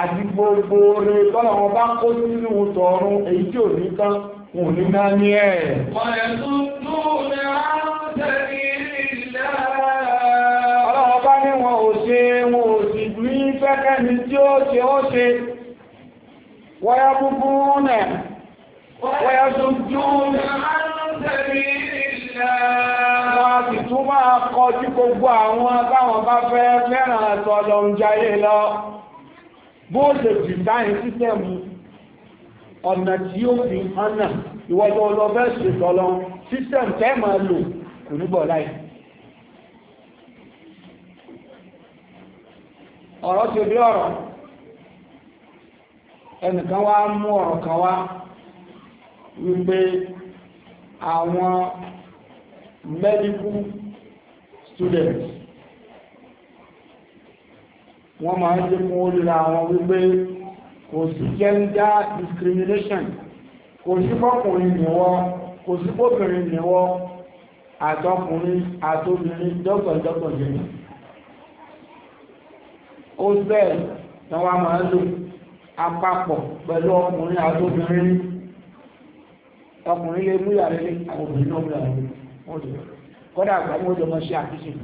S1: àti gbogbo rẹ tọ́lọ̀ wọn bá kó sínú tọ̀run èyí tí ò ní tán wọn ò ní náà ní ẹ̀. ọlọ́wọ́ bá ní tí gbogbo àwọn táwọn bá fẹ́ fẹ́ràn ẹ̀tọ́ lọ ń jayé lọ bó lè jì dáyìn sísẹ̀mù ọ̀nà tí ó fi hànà ìwọ́jọ́ ọlọ́fẹ́ ṣètọ́lọ sísẹ̀m tẹ́ máa lò kò níbọ̀ láì medical students wọ́n máa ń jẹ́ fún oríra wọn wípé kò sí gender discrimination kò sí fọ́kùnrin nìwọ kò sí fọ́kùnrin nìwọ àtọkùnrin àtobìnrin dọ́gbọ̀dọ́gbọ̀ jẹ́ ó bẹ́ẹ̀ ni wọ́n máa ń lò àpapọ̀ pẹ̀lú ọkùnrin àtobìnrin ọkùnrin lè mú ìyàrá lé àwọn obìnrin náà mú ìyàrá lé wọ́n ti bẹ̀rẹ̀ kọ́dà àgbàmú ó jọmọ́ ṣe àfíṣìn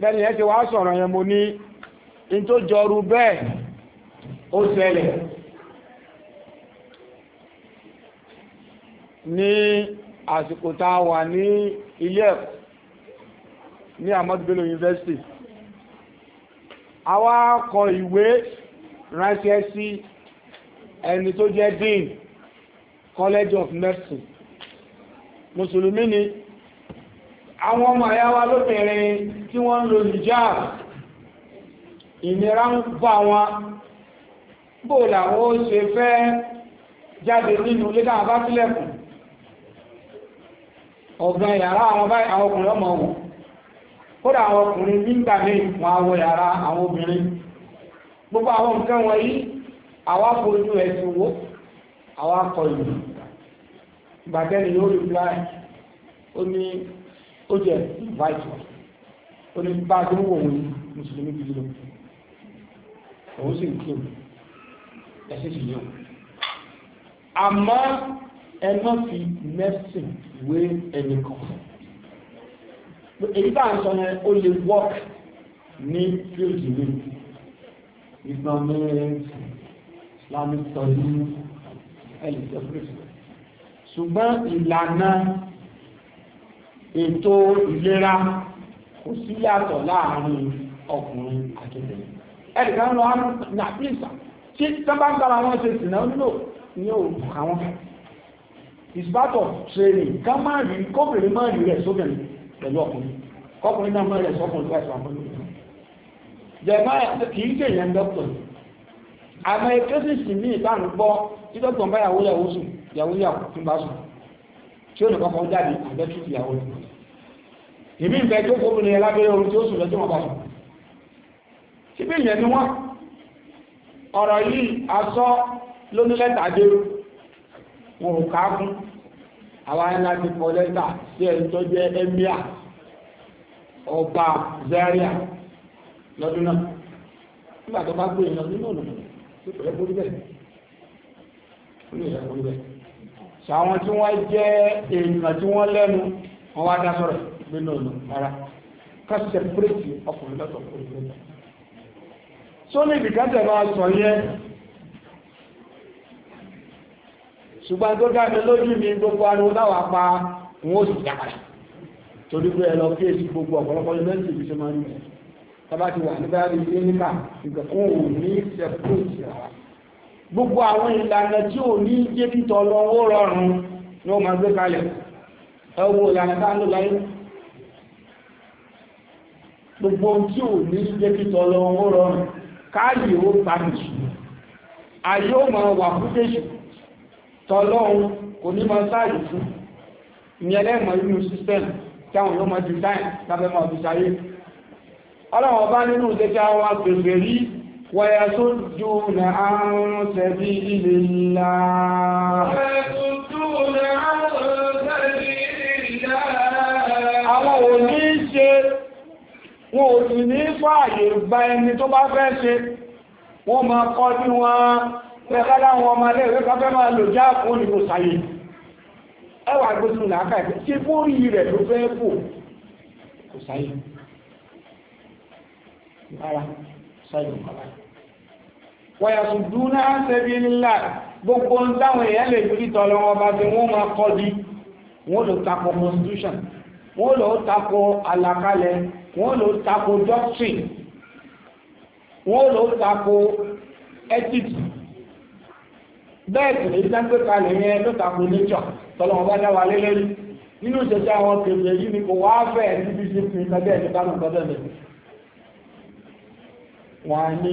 S1: bẹ́ẹ̀ni ẹ ti wá sọ̀rọ̀ yẹn mo ní in tó jọrú bẹ́ẹ̀ ó ṣẹlẹ̀ ní àsìkò tá wà ní ilé ẹ̀kọ́ ní Ahmadu University a wá kọ ìwé ránṣẹ́ sí ẹni tó jẹ́ dean College of Medicine mùsùlùmí ni àwọn ọmọ àyá wa lóbìnrin tí wọ́n ń lo hijab ìnira ń bá wọn bó làwọn ó ṣe fẹ́ jáde nínú ilé táwọn bá sílẹ̀kùn ọ̀gbọ̀n yàrá àwọn báyìí àwọn ọkùnrin ọmọ wọn kódà àwọn ọkùnrin nígbà ní wọn àwọn yàrá àwọn obìnrin gbogbo àwọn nǹkan wọ̀nyí àwọn afojú ẹ̀sìn wo àwọn akọ ìlú ìgbàtẹ́ni yóò rí fly ó ní ó jẹ́ invite wọn ó ní bá a ti ń wò wọn mùsùlùmí gidi lọ òun sì ń kí òun ẹ̀sìn sì yóò àmọ́ ẹmọ́ fi mẹ́sìn wé ẹni kan èyí bá ń sọ yẹn ó lè work ní fíòdì mi ìgbọ̀n islamic studies ẹ̀lẹ́sẹ̀ fúrẹ́sì ṣùgbọ́n ìlànà ètò ìlera kò sí yàtọ̀ láàrin ọkùnrin àti obìnrin ẹnìkan lọ nàpíìsà tí sábà ń bára wọn ṣe sìnà nílò ní òòrùn àwọn is part of training ká má rí kọ́bìnrin má rí rẹ̀ sóbìnrin pẹ̀lú ọkùnrin kọ́kùnrin náà má rẹ̀ sọ́kùnrin tó àìsàn àmọ́lò jẹ̀má kìí ṣe ìyẹn dọ́kítọ̀ àmọ́ ètò sì sì ní ìbánu gbọ́ tí yàwó yàwó tí ń bá sùn tí ó lè kọ́kọ́ jáde àbẹ́tù ìyàwó rẹ̀ ìbí ìfẹ́ tó kó obìnrin lábẹ́rẹ́ orun tí ó sùn lẹ́jọ́ wọn bá sùn síbí ìyẹn ni wọ́n ọ̀rọ̀ yìí asọ́ lóní lẹ́tà dé wọn ò ká fún àwọn ẹni láti kọ lẹ́tà sí ẹni tó jẹ́ emir ọba zaria lọ́dún náà nígbà tó bá gbé ìyàn e nínú ònà tó pẹ̀lẹ́ borí bẹ́ẹ̀ so àwọn tí wọ́n jẹ́ èèyàn tí wọ́n lẹ́nu wọ́n wá dá sọ̀rọ̀ nínú ònà ara ká sẹpẹrẹtì ọkùnrin lọ́tọ̀ ọkùnrin lọ́tọ̀ so ní ìdíkàtẹ̀ bá sọ yẹn ṣùgbọ́n tó dáadé lójú ní gbogbo ariwo láwà pa wọn ó sì dápadà torí pé ẹ lọ kí èsì gbogbo ọ̀pọ̀lọpọ̀ yunifásitì ìbí ṣe máa ń rìn tọ́ba ti wà nígbà rí gbogbo àwọn ìlànà tí ò ní jẹ́ títọ̀ lọ ó rọrùn ní ó máa gbogbo tí ò ní jẹ́ títọ̀ lọ ó rọrùn káàyè ó pàtàkì ayé ó máa wà fún jésù tọlọ́run kò ní máa sáàyè fún ní ẹlẹ́mọ̀ inú sísẹ́mù tí àwọn yóò máa ويصدون عن سبيل الله ويصدون سبيل الله àwọn ò ní ṣe wọn ò sì ní fààyè gba ẹni tó bá fẹ́ ṣe wọ́n máa kọ́ ní wọn pẹ̀kọ́lá wọn máa lẹ́rẹ́ káfẹ́ máa lò já fún ìlú sàyè ẹwà gbóṣùn làákà ìpé tí fórí rẹ̀ ló fẹ́ kò sàyè rárá sàyè wọ̀yàsùdúnà ṣẹ́bí ńlá gbogbo ń dáwọn èèyàn lè fi tọ́ lọ́wọ́ bá ti wọ́n máa kọ́ di wọ́n lò tako constitution wọ́n lò tako àlàkalẹ̀ wọ́n lò tako doctrine wọ́n lò tako ethics bẹ́ẹ̀ sì lè dáńgbé kalẹ̀ yẹn ló tako nature tọ́lọ́wọ́ bá dáwà lé lórí nínú ìṣẹ̀ṣẹ̀ àwọn kèfè yìí ni kò wá fẹ́ níbi ṣe fi ìtàgé ẹ̀ṣẹ̀ kánú tọ́jọ́ lẹ́yìn wọ́n á ní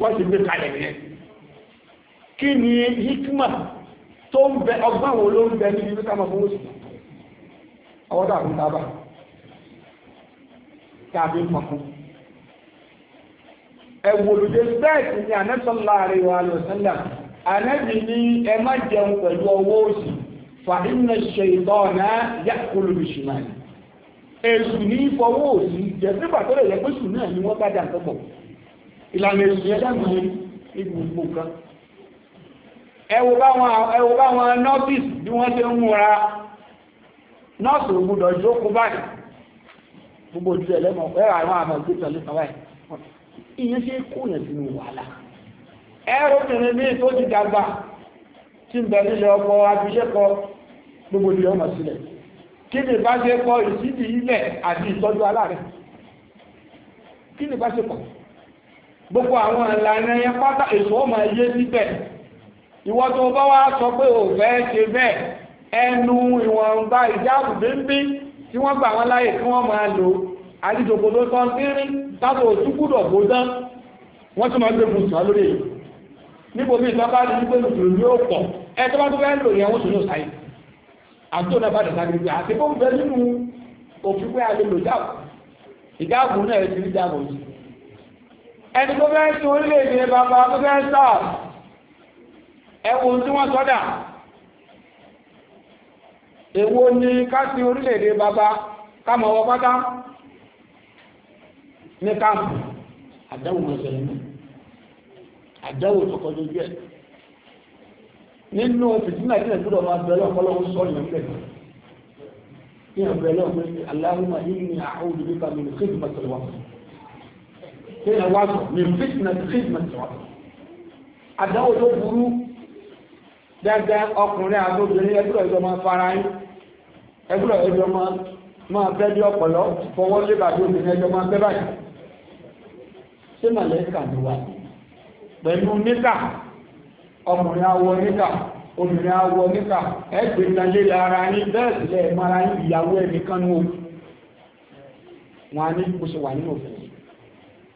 S1: wọ́n ti gbé kalẹ̀ yẹn kí ni hikma tó ń bẹ ọgbọ́n wo ló ń bẹ níbi bí káàmà fún òsì ọwọ́ tàà fún tábà tàbí mọ̀kún ẹ̀wòlùdé bẹ́ẹ̀kì ni anẹ́sọ́lá àríwá alẹ́sọ́lá anẹ́bì ní ẹ má jẹun pẹ̀lú ọwọ́ òsì fa inna shaytana ya'kulu bishimali èsù ní fọwọ́ òsì jẹ́ sígbà tó lè náà ni wọ́n bá dà tọ́pọ̀ ìlànà ìṣẹ́ dàgbùn ní gbogbo nǹkan ẹwọ báwọn nọ́ọ̀sìs bí wọ́n ṣe ń múra nọ́ọ̀sì ògbúdọ̀ jókòó báyìí gbogbo ojú ẹlẹ́mọ̀ ẹ̀rọ àwọn àmọ̀ ìgbésọ̀ lẹ́sàn báyìí ìyẹn ṣe kó yẹn sínú wàhálà ẹ̀rọ obìnrin míì tó ti dàgbà tí ń bẹ nílé ọkọ abiṣẹ́kọ gbogbo ìlú ọmọ sílẹ̀ kí ni ìbáṣepọ̀ ìsídìí ilẹ̀ àti ìtọ́jú aláàrẹ̀ kí ni ìbáṣepọ̀ gbogbo àwọn ìlànà yẹn pátá èso ọmọ ayé síbẹ̀ ìwọ tó bá wá sọ pé ò fẹ́ ṣe bẹ́ẹ̀ ẹnu ìwọ̀nba ìjáàbù bíbí tí wọ́n gbà wọ́n láyè kí wọ́n máa lò àdìjòkò tó tán sírí tábò òtúkúdọ̀ bó dán wọ́n tún máa gbé mùsùlùmí lórí èyí níbo bí ìtọ́ bá di pé mùsùlùmí ó pọ̀ ẹ tó bá tó fẹ́ lò yẹn wọ́n sùn ní òsáyé àti òun bá dàgbà gbígbé àti bó ń bẹ nínú òfin pé a lè lò jáàbù ìjáàbù náà ti rí jáàbù yìí ẹni tó bẹ́ẹ̀ tí orílẹ̀-èdè bàbá tó bẹ́ẹ̀ sáà ẹwùn tí wọ́n sọ́dà èwo ni ká orílẹ̀-èdè bàbá kámọ̀wọ́ pátá ní káàmù àdáwò mọ̀sẹ̀lẹ́mù àdáwò tó kọjú jẹ́ nínú fìtínà ìdílé gbọ́dọ̀ máa bẹ̀rẹ̀ kí ẹ wá sọ ní fitna treatment wa àdáwò tó burú dáadáa ọkùnrin àti obìnrin ẹgbẹ́ ẹjọ́ máa fara yín ẹgbẹ́ ẹjọ́ máa máa fẹ́ bí ọ̀pọ̀lọ́ fọwọ́ lébà tó obìnrin ẹjọ́ máa fẹ́ báyìí ṣé màlẹ́kà ló wà pẹ̀lú níkà ọkùnrin awọ níkà obìnrin awọ níkà ẹgbẹ́ ìtàlẹ́ ara yín bẹ́ẹ̀ sílẹ̀ mara yín ìyàwó ẹnìkan nù wọn ní kó ṣe wà nínú òfin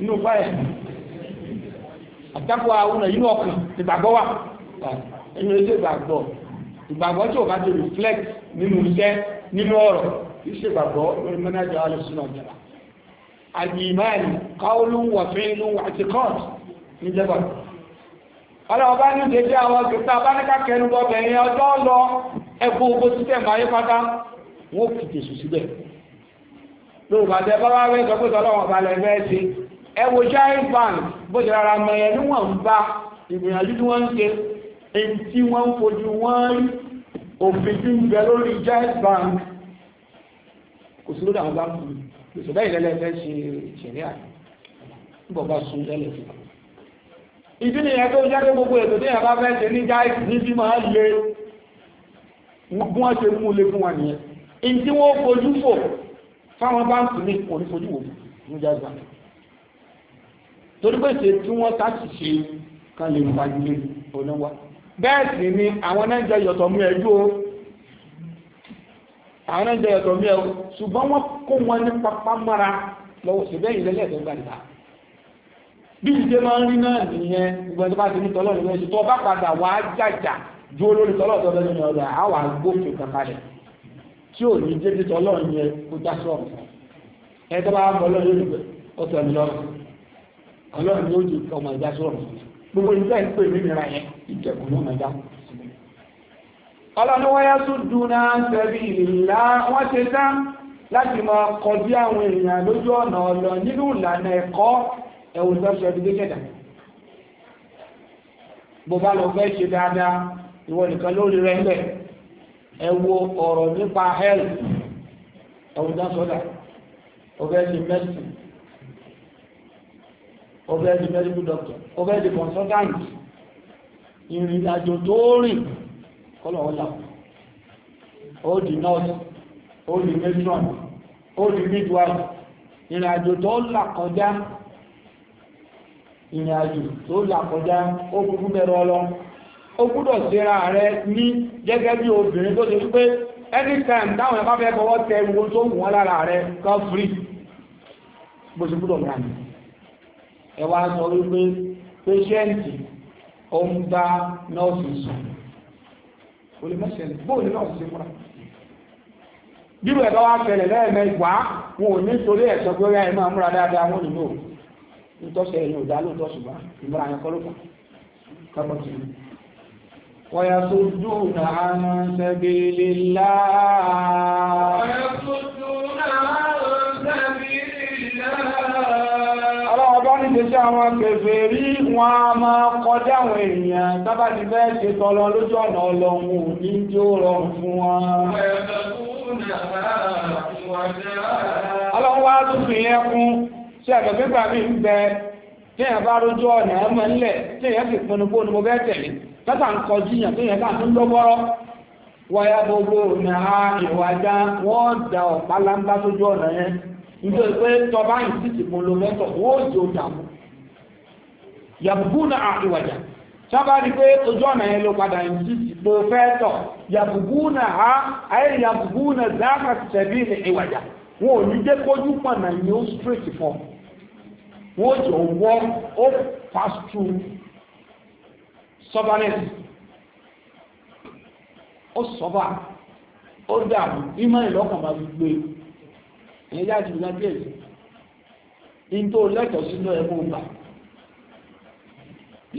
S1: inú báyẹ̀ àtàkùn àwọn inú ọkàn ìgbàgbọ́ wà inú ilé ìgbàgbọ́ ìgbàgbọ́ tí ò bá ti reflect nínú iṣẹ́ nínú ọ̀rọ̀ iṣẹ́ ìgbàgbọ́ lórí mẹ́nàjà alẹ́sùnà ìjọba àjìmáàlì káwọlùn wà fíìlùn àti kọ́ọ̀t níjẹba ọlọ́wọ́ bá ní jẹjẹ àwọn gbẹ̀ta bá ní kákẹrù bọ́bẹ̀rin ọjọ́ lọ ẹgbẹ́ ogbó títẹ̀ máyé pátá wọ́n fi tèṣù síbẹ̀ lóòrùn àti ẹgbẹ́ wá rẹ̀ sọ pé sọlọ́wọ́n balẹ̀ fẹ́ ṣe ẹwọ giant bank bó ti rárá mọ ẹni wọ́n ń bá ìgbìyànjú tí wọ́n ń ṣe èyí tí wọ́n ń fojú wọ́n rí òfin tí ń bẹ lórí giant bank kò sí lórí àwọn bá kú gbèsè bẹ́ẹ̀ lẹ́lẹ́ fẹ́ ṣe ṣẹ̀rí àná nígbà bá sun lẹ́lẹ̀ fún un. ìdí nìyẹn tó jẹ́ pé gbogbo ètò tí èèyàn giant níbi máa le wọ́n ṣe mú le fún wa nìyẹn torí pé ṣe tí wọ́n táàkì ṣe kan lè wà nílé oníwá bẹ́ẹ̀ sì ni àwọn náà jẹ́ yọ̀tọ̀ mú ẹjú o àwọn náà jẹ́ yọ̀tọ̀ mú ẹjú ṣùgbọ́n wọ́n kó wọn ní papá mọ́ra lọ́wọ́ sí bẹ́ẹ̀ ilẹ̀ lẹ́ẹ̀fẹ́ gbàgbà bí ìdè máa ń rí náà nìyẹn gbogbo ẹni bá ti ní tọ́lọ́ ìwé ṣe tọ́ bá padà wá jàjà ju olórí tọ́lọ́ tí ò ní dé títọ́ lọ́ọ̀ yẹn kó já sọ́ọ̀mù ẹ̀ bá mọ́ lọ́ọ̀ yóò dùgbẹ́ ó ọlọ́run yóò jù ọmọ ìjà sọ̀rọ̀ gbogbo ìjọ ìpè mí nira yẹn ìjẹ̀kùn ní ọmọ ìjà ọlọ́run wáyá tó dúnà sẹ́bí ìlà wọ́n ṣe dá láti máa kọjú àwọn èèyàn lójú ọ̀nà ọ̀lọ́ nínú ìlànà ẹ̀kọ́ ẹ̀wù tó ṣe ẹbí kéjẹ̀dà bó bá lọ fẹ́ ṣe dáadáa ìwọ nìkan lórí rẹ̀ ńlẹ̀ ẹ wo ọ̀rọ̀ nípa health ẹ̀wù tó ṣọ́dà ó fẹ́ ṣe medicine ó fẹ́ medical doctor ó fẹ́ di consultant ìrìn àjò tó rìn kọ́lọ̀ ọ̀la ó di nurse ó di matron ó di midwife ìrìn àjò tó là kọjá ìrìn àjò tó là kọjá ó kúkú bẹ̀rẹ̀ ọlọ́ ó gbúdọ̀ síra rẹ ní gẹ́gẹ́ bí obìnrin tó ṣe wípé anytime táwọn ẹ̀fáfẹ́ bọ́wọ́ tẹ ewu tó wù wọ́n lára rẹ kọ́ free bó ṣe gbúdọ̀ mìíràn ẹwà wá sọ wípé pẹ́ṣẹ́ǹtì ó ń bá nọ́ọ̀sì sùn olùmọ̀ṣẹ́ǹtì bóòlù nọ́ọ̀sì múra bíbẹ̀ ẹ̀kọ́ wá tẹ̀lẹ̀ lẹ́ẹ̀mẹ́ ìgbà wọn ò ní torí ẹ̀sọ́ pé ọyá ìmọ̀ múra dáadáa wọn nínú ìtọ́sẹ̀ ẹ̀yìn ìmúra yẹn ìṣesí àwọn kẹfẹ́ rí wọn a máa kọjá àwọn èèyàn tábà ti fẹ́ ṣe tọlọ lójú ọ̀nà ọlọ́run ní tí ó rọrùn fún wọn ọlọ́run wá tún fi yẹn kún ṣe àgbẹ̀gbẹ̀ ń bẹ tí èèyàn bá rójú ọ̀nà ẹ̀mọ́ ńlẹ̀ tí èèyàn pinnu bó ni mo fẹ́ tẹ̀lé tọ́ta ń kọjú yàn tí èèyàn gbogbo ọ̀nà wọ́n da ọ̀pá lámbá ọ̀nà yẹn nítorí pé mẹ́tọ̀ na àìwàjà sábà di pé ojú ọ̀nà yẹn ló padà ń sí fẹ́ tọ̀ na ha ayé yàbùkúnà na tẹ̀bí ìwàjà wọn ò ní jẹ́ kójú pọ̀nà ni ó straight fọ́ wọn ò jọ wọ́ ó pass through stubbornness ó sọ́bà ó dàbí ìmọ̀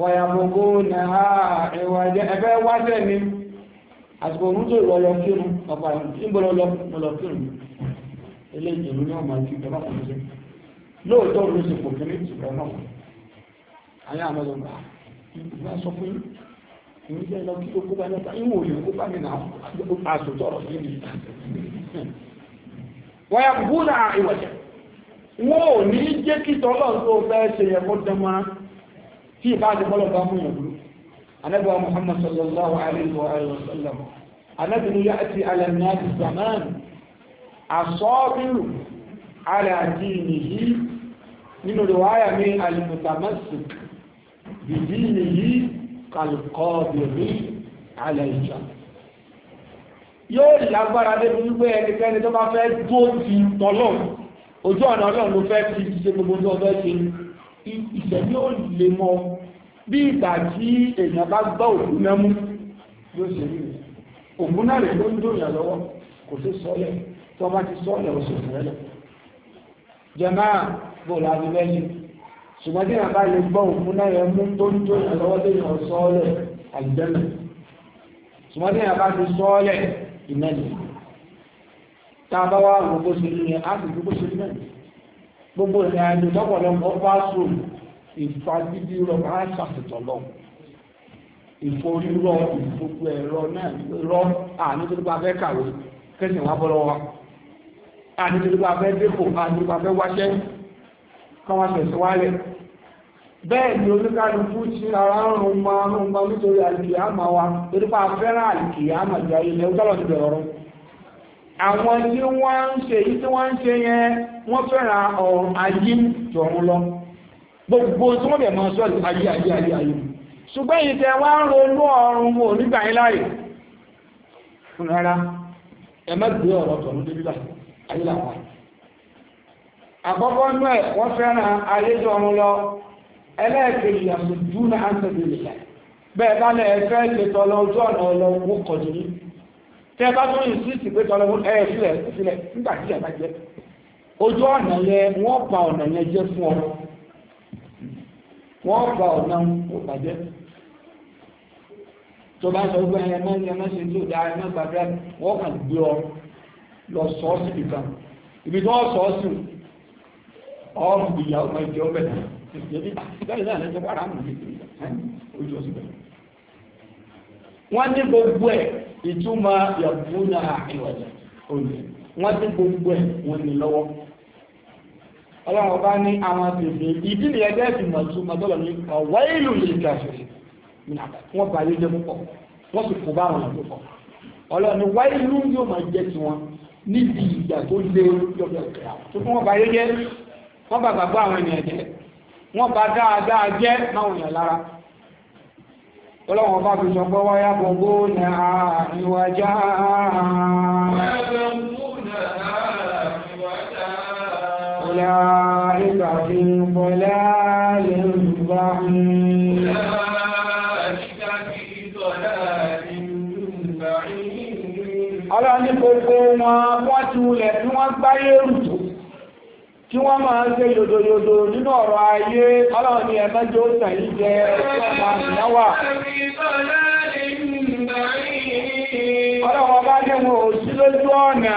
S1: wàyàbògbò náà ẹ̀wà jẹ́ ẹ̀fẹ́ wáṣẹ́ ni àsìkò òun tó lọ kírun ọ̀pá ìbọ̀lọ́ lọ kírun ilé ìjẹ̀lú ní ọmọ àti ìjọba kan jẹ́ lóòótọ́ ló sì pò kéré ìjọba náà ayé àmọ́lọ́ gbà ìgbà sọ fún ìwé jẹ́ lọ kí gbogbo bá lọ́ta ìwọ̀n òyìn gbogbo bá mi náà àsòtọ́rọ̀ sí mi wàyàbògbò náà ìwọ̀jẹ̀ wọn ò ní jẹ́ kí tọ́lọ́ tó fẹ́ ṣe yẹ kó dẹ́mọ́ràn tí ìbá ti bọ́lọ̀ bá mú ìrìnlú anábíwa muhammad sallallahu alaihi wa sallam anábìnú yá ti alẹ́nàájú zaman asọ́bìrù aláàjì nìyí nínú riwaya mi alìmùtàmásìk bìdí nìyí kàlùkọ́bìrì aláìjà yóò lágbára débi wípé ẹnikẹ́ni tó bá fẹ́ tó ti tọ́lọ̀ ojú ọ̀nà ọlọ́run ló fẹ́ fi ṣe gbogbo tó fẹ́ ṣe ilẹ̀ yóò lè mọ́ bí ìgbà tí èèyàn bá gbọ́ òkú náà mú ló ṣe rí òkú náà rẹ̀ ló ń dòyàn lọ́wọ́ kò sí sọ́lẹ̀ tó bá ti sọ́lẹ̀ ọ̀sẹ̀ ìrẹ́lẹ̀ jẹmá bòlá ní lẹ́yìn ṣùgbọ́n tí ìyàn bá lè gbọ́ òkú náà rẹ̀ mú tó ń dòyàn lọ́wọ́ tó yàn sọ́lẹ̀ àìjẹ́lẹ̀ ṣùgbọ́n tí ìyàn bá ti sọ́lẹ̀ ìmẹ́lẹ̀ tá a bá wá gbogbo ṣe ní ẹ á sì gbogbo ṣe ní gbogbo ìrìn àjò tọ́pọ̀lọpọ̀ bá ìfagídírọ máa ṣàfihàn lọ́wọ́ ìfòkú ẹ̀rọ náà rọ àníjọba fẹ́ kàwé kẹsìn wá bọ́lọ́ wa àníjọba fẹ́ dépò àníjọba fẹ́ wáṣẹ́ káwọn bẹ́ẹ̀ ni oníkàlùkù ti ara rùn máa rùn máa nítorí àlìkìyàmà gbogbo tí wọ́n bẹ̀ mọ́ sọ́ọ̀lù ayé ayé ayé ayé ṣùgbọ́n ìtẹ̀ wá ń ronú ọrùn wo nígbà yín láàyè fún rárá ẹ má ọ̀rọ̀ tọ̀run débi bá ayé làwọn àkọ́kọ́ inú wọ́n fẹ́ràn lọ ẹlẹ́ẹ̀kejì àti bẹ́ẹ̀ bá ẹ̀fẹ́ ojú ọ̀nà kọjú ní tẹ́ bá tún ẹ̀ sílẹ̀ nígbà tí ẹ̀ bá ojú ọ̀nà yẹn wọ́n pa ọ̀nà wọ́n gba ọ̀nà yóò bàjẹ́ tó bá sọ gbé ẹmẹ́ ní ẹmẹ́ ṣe tó dáa ẹmẹ́ gbàdúrà wọ́n kàn gbé ọ lọ sọ sí nìkan ibi tó sọ sí ọ̀rùn ìyá ọmọ ìjọ ọbẹ̀ wọ́n ní gbogbo ẹ̀ ìtumọ̀ yàgbóná àìwàjà wọ́n ní gbogbo ẹ̀ wọ́n ní lọ́wọ́ ọlọ́run ọba ní àwọn tèfè ìdí ni ẹgbẹ́ ìfìmọ̀ tún mọ́tọ́lọ̀ ní ọ̀wọ́ ìlú lè gàfèrè wọ́n bá yé jẹ́ púpọ̀ wọ́n sì kó bá àwọn ìlú pọ̀ ọlọ́run wá ìlú yóò máa jẹ́ ti wọn níbi ìgbà tó lé yọ̀bẹ̀ ìgbà tó fún wọn bá yé jẹ́ wọ́n bá gbàgbọ́ àwọn ènìyàn jẹ́ wọ́n bá dáadáa jẹ́ máwọn èèyàn lára ọlọ́run ọba fi sọ pé wáyà gbogbo ní àárín wájà
S2: أولئك
S1: في ضلال بعيد Ọlọ́run ní gbogbo wọn wọ́n ti wulẹ̀ tí wọ́n gbáyé rùtù kí wọ́n máa ń ṣe yòdòyòdò nínú ọ̀rọ̀ ayé Ọlọ́run ní ẹ̀mẹ́jọ tàyí jẹ ọ̀pọ̀ ìyáwà. Ọlọ́run bá ní wọn ò sí lójú ọ̀nà.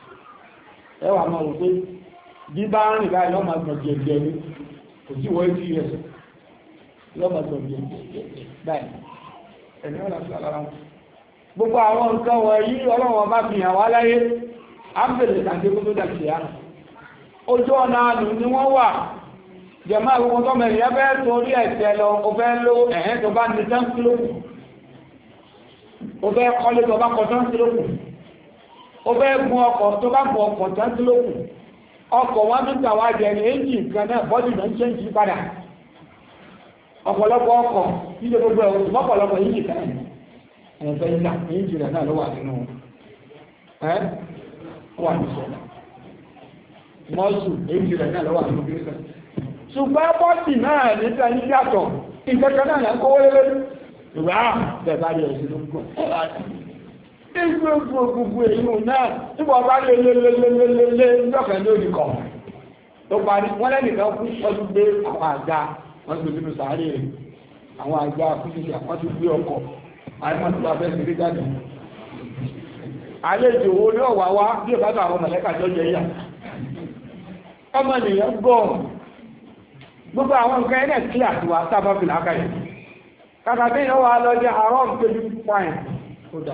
S1: ẹwà máa wò pé bí bá ń rìn báyìí lọ́mà gbọ̀n jẹ̀jẹ̀ ní kò sí wọ́n ti rẹ̀ lọ́mà gbọ̀n jẹ̀jẹ̀ báyìí ẹ̀mí ọ̀nà sí alára gbogbo àwọn nǹkan wọ̀nyí ọlọ́wọ́ bá fi hàn wá láyé ámbẹ̀lẹ̀ tàbí kó tó dàbí àná ojú ọ̀nà àlù ni wọ́n wà jẹ̀má gbogbo tọ́mọ ẹ̀yẹ fẹ́ torí ẹ̀sẹ̀ lọ o fẹ́ lo ẹ̀hẹ́ tó bá ní tán sílókù o fẹ́ tó bá kọ́ tán ó fẹ́ ọkọ tó bá gun ọkọ tántìlókù ọkọ̀ wọn tó tàwa jẹ ní èjì nǹkan náà bọ́dì náà ń ṣe ń padà ọ̀pọ̀lọpọ̀ nílé gbogbo ẹ̀wọ̀n mọ́pọ̀lọpọ̀ èjì kan ẹ̀fẹ́ ìlà èjì rẹ̀ náà ló wà nínú ẹ̀ wà mọ́sù rẹ̀ náà ló wà nínú ṣùgbọ́n náà ní nínú ogun gbogbo èyí na nígbà ọba lelelelelele ndị ọka tí sábà wà lọ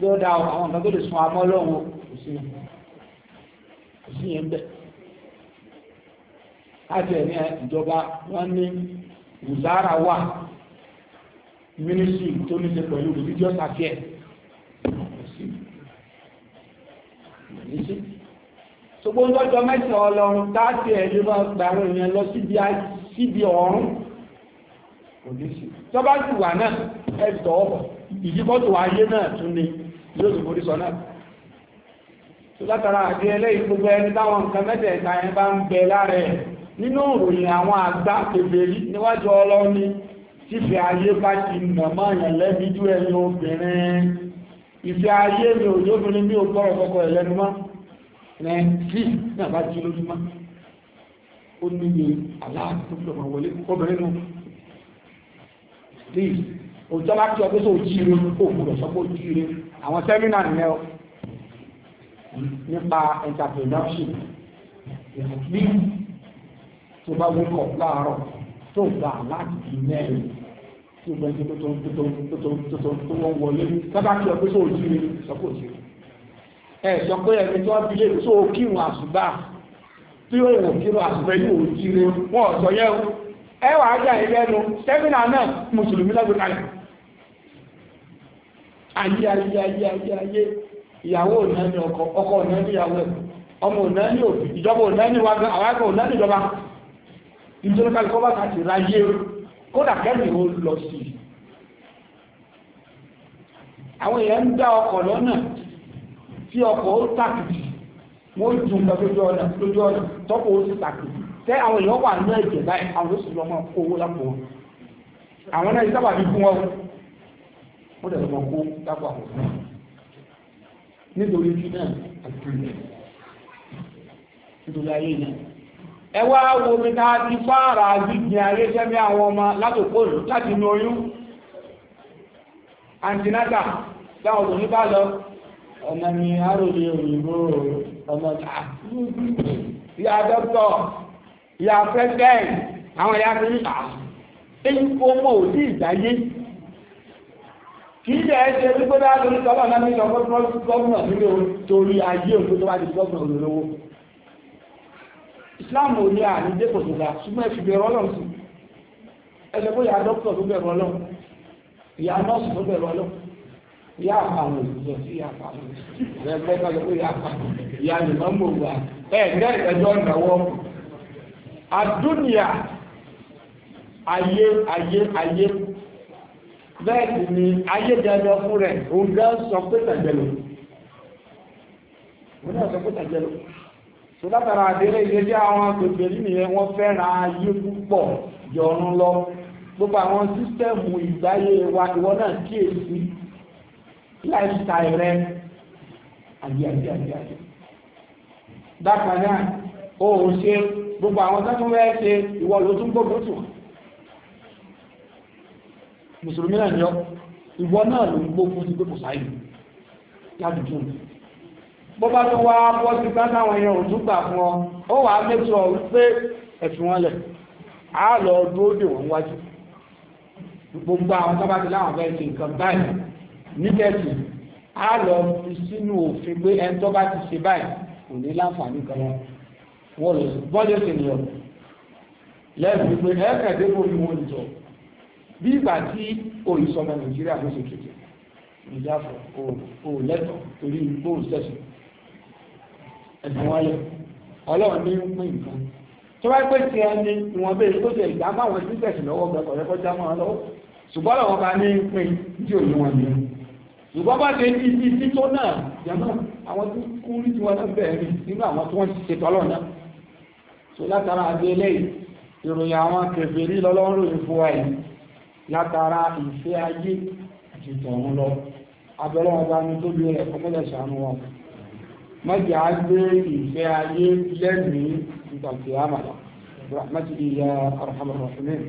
S1: tí ó dá àwọn nǹkan tó lè sun amọ́ lọ́wọ́ kò sí kò sí yẹn bẹ́ẹ̀. láti ẹ̀ ní ìjọba wọ́n ní wùzára wà mínísírì tó ní ṣe pẹ̀lú religious affairs kò sí ìrìnsí. ṣùgbọ́n ń lọ́jọ́ mẹ́sàn ọlọ́run táàtì ẹ̀ ló máa gba àwọn èèyàn lọ síbi ọ̀run kò ní sí. tọ́ba ti wà náà ẹ̀ tọ́ ìdíkọ́tò ayé náà tún ni yóò sì borí sọ́nà tó látara àti ẹlẹ́yìn gbogbo ẹni táwọn nǹkan mẹ́tẹ̀ẹ̀ta yẹn bá ń bẹ lára ẹ̀ nínú ìròyìn àwọn àgbà kèbèrí níwájú ọlọ́ni tífẹ́ ayé bá ti nà mọ́yàn lẹ́bí jú ẹni obìnrin ìfẹ́ ayé mi ò lóbìnrin mi ò gbọ́rọ̀ kọ́kọ́ ẹ̀lẹ́nu mọ́ rẹ̀ sí náà bá jí lójúmọ́ ó ní ní aláàtúgbọ̀mọ̀ wọlé obìnrin nù please àwọn sẹ́mínà nìyẹn o nípa entrepreneurship ìrọ̀lẹ́ tó bá wake láàárọ̀ tó gbà láti di mẹ́rin tí gbẹ́ tó tó tó wọ́n wọlé sábà kí ọpẹ́ sóò jíire sọ́kò jíire ẹ sọ pé ẹni tó wọ́n fi lè tó kírun àṣùgbà ayé ayé ayé ayé ayé ìyàwó òná ní ọkọ ọkọ òná ní ìyàwó ẹ̀ ọmọ òná ní òbí ìjọba òná ní wágbà àwágbà òná ní ìjọba nítorí kálukọ́ bá ká ti ráyé kódà kẹ́mì ó lọ sí i àwọn èèyàn ń dá ọkọ̀ lọ́nà tí ọkọ̀ ó tàkìtì wọ́n ju lójú ọ̀nà lójú ọ̀nà tọ́pọ̀ ó sì tàkìtì tẹ́ àwọn èèyàn wà ní ẹ̀jẹ̀ báyìí àwọn ó sì lọ́mọ owó lápò àwọn náà ìsábàbí fún wọn ó dẹ̀ lọ́mọ kó dápò àwọn ọ̀sán nítorí náà àti nítorí ayé náà ẹ wá wo mi ká ti fáàrà gbígbìn ayé sẹ́mi àwọn ọmọ látòkó láti inú oyún antinata láwọn òṣèlú bá lọ ọmọ ni àròlé òyìnbó ọmọ ah, ìyá dọ́tọ̀ ìyá president àwọn ìyá kiri èyí ah, kó mọ̀ òdí ìdáyé kì í dẹ̀ ṣe wípé bá lórí sọ́lọ̀ náà ní ọgbọ́n gọ́ọ̀nà nílé torí ayé òkú tó bá di gọ́ọ̀nà olówó Islam ò ní àní dé ẹ̀fì Ọlọ́run bóyá tó Ọlọ́run ìyá nọ́ọ̀sì tó bẹ́ẹ̀ sì ni ayédẹ́dọ́ fún rẹ̀ òǹgá sọ pé tàjẹlò wọ́n náà sọ pé tàjẹlò tó látara àdéré ilé bí àwọn agbègbè nìyẹn wọ́n fẹ́ràn ayé púpọ̀ jọrun lọ gbogbo àwọn sísẹ́mù ìgbáyé wa ìwọ náà kíyèsí lifestyle rẹ ayé ayé ayé ayé dákan náà ó ṣe gbogbo àwọn tó tún fẹ́ ṣe ìwọ ló tún gbogbo tù mùsùlùmí náà yọ ìwọ náà ló ń gbógun ti pé kò sáyé ládùúgbò bó bá tó wá bọ́ sí gbá táwọn èèyàn ò tún gbà fún ọ ó wàá mẹ́tọ́ ọ pé ẹ̀fìn wọn lẹ̀ á lọ dúró dè wọ́n wájú gbogbo àwọn tó bá ti láwọn fẹ́ ṣe nǹkan báyìí níbẹ̀tì á lọ fi sínú òfin pé ẹni tó bá ti ṣe báyìí kò ní láǹfààní kan wọn wọ́n lọ sí bọ́ọ̀lù ènìyàn lẹ́yìn pé ẹ̀ẹ́kẹ̀dẹ́gbò ni wọ́n jọ bí ìgbà tí olùsọmọ nàìjíríà ló ṣe kéde ìjáfọ o lẹ́tọ̀ torí igbó sẹ́sùn ẹ̀sùn wọn lẹ ọlọ́run ní ń pín nǹkan tó bá pé ti ẹni ìwọ̀n bẹ́ẹ̀ tó ṣe ìgbà máwọn tí tẹ̀sí lọ́wọ́ gbẹ̀kọ̀ rẹ̀ kọjá máa lọ́wọ́ ṣùgbọ́n làwọn bá ní pín tí òun wọn ni ṣùgbọ́n bá ṣe ti ti ti tó náà jẹ́mọ́ àwọn tó kú rí tiwọn náà bẹ̀rẹ̀ nínú àwọn tó wọ́n ti ṣe tọ́lọ̀ náà so látara adé ìròyìn àwọn kèfèrí lọ́lọ́rùn ìfowó àyè látara ìfẹ́ ayé àti tọ̀run lọ abẹ́rẹ́ ọba ni tó bí ẹ̀kọ́ mọ́lẹ̀ sànú wọn mọ́jà á gbé ìfẹ́ ayé lẹ́mìí ìgbàgbé àmàlà rahmatu iya arhamar rahimin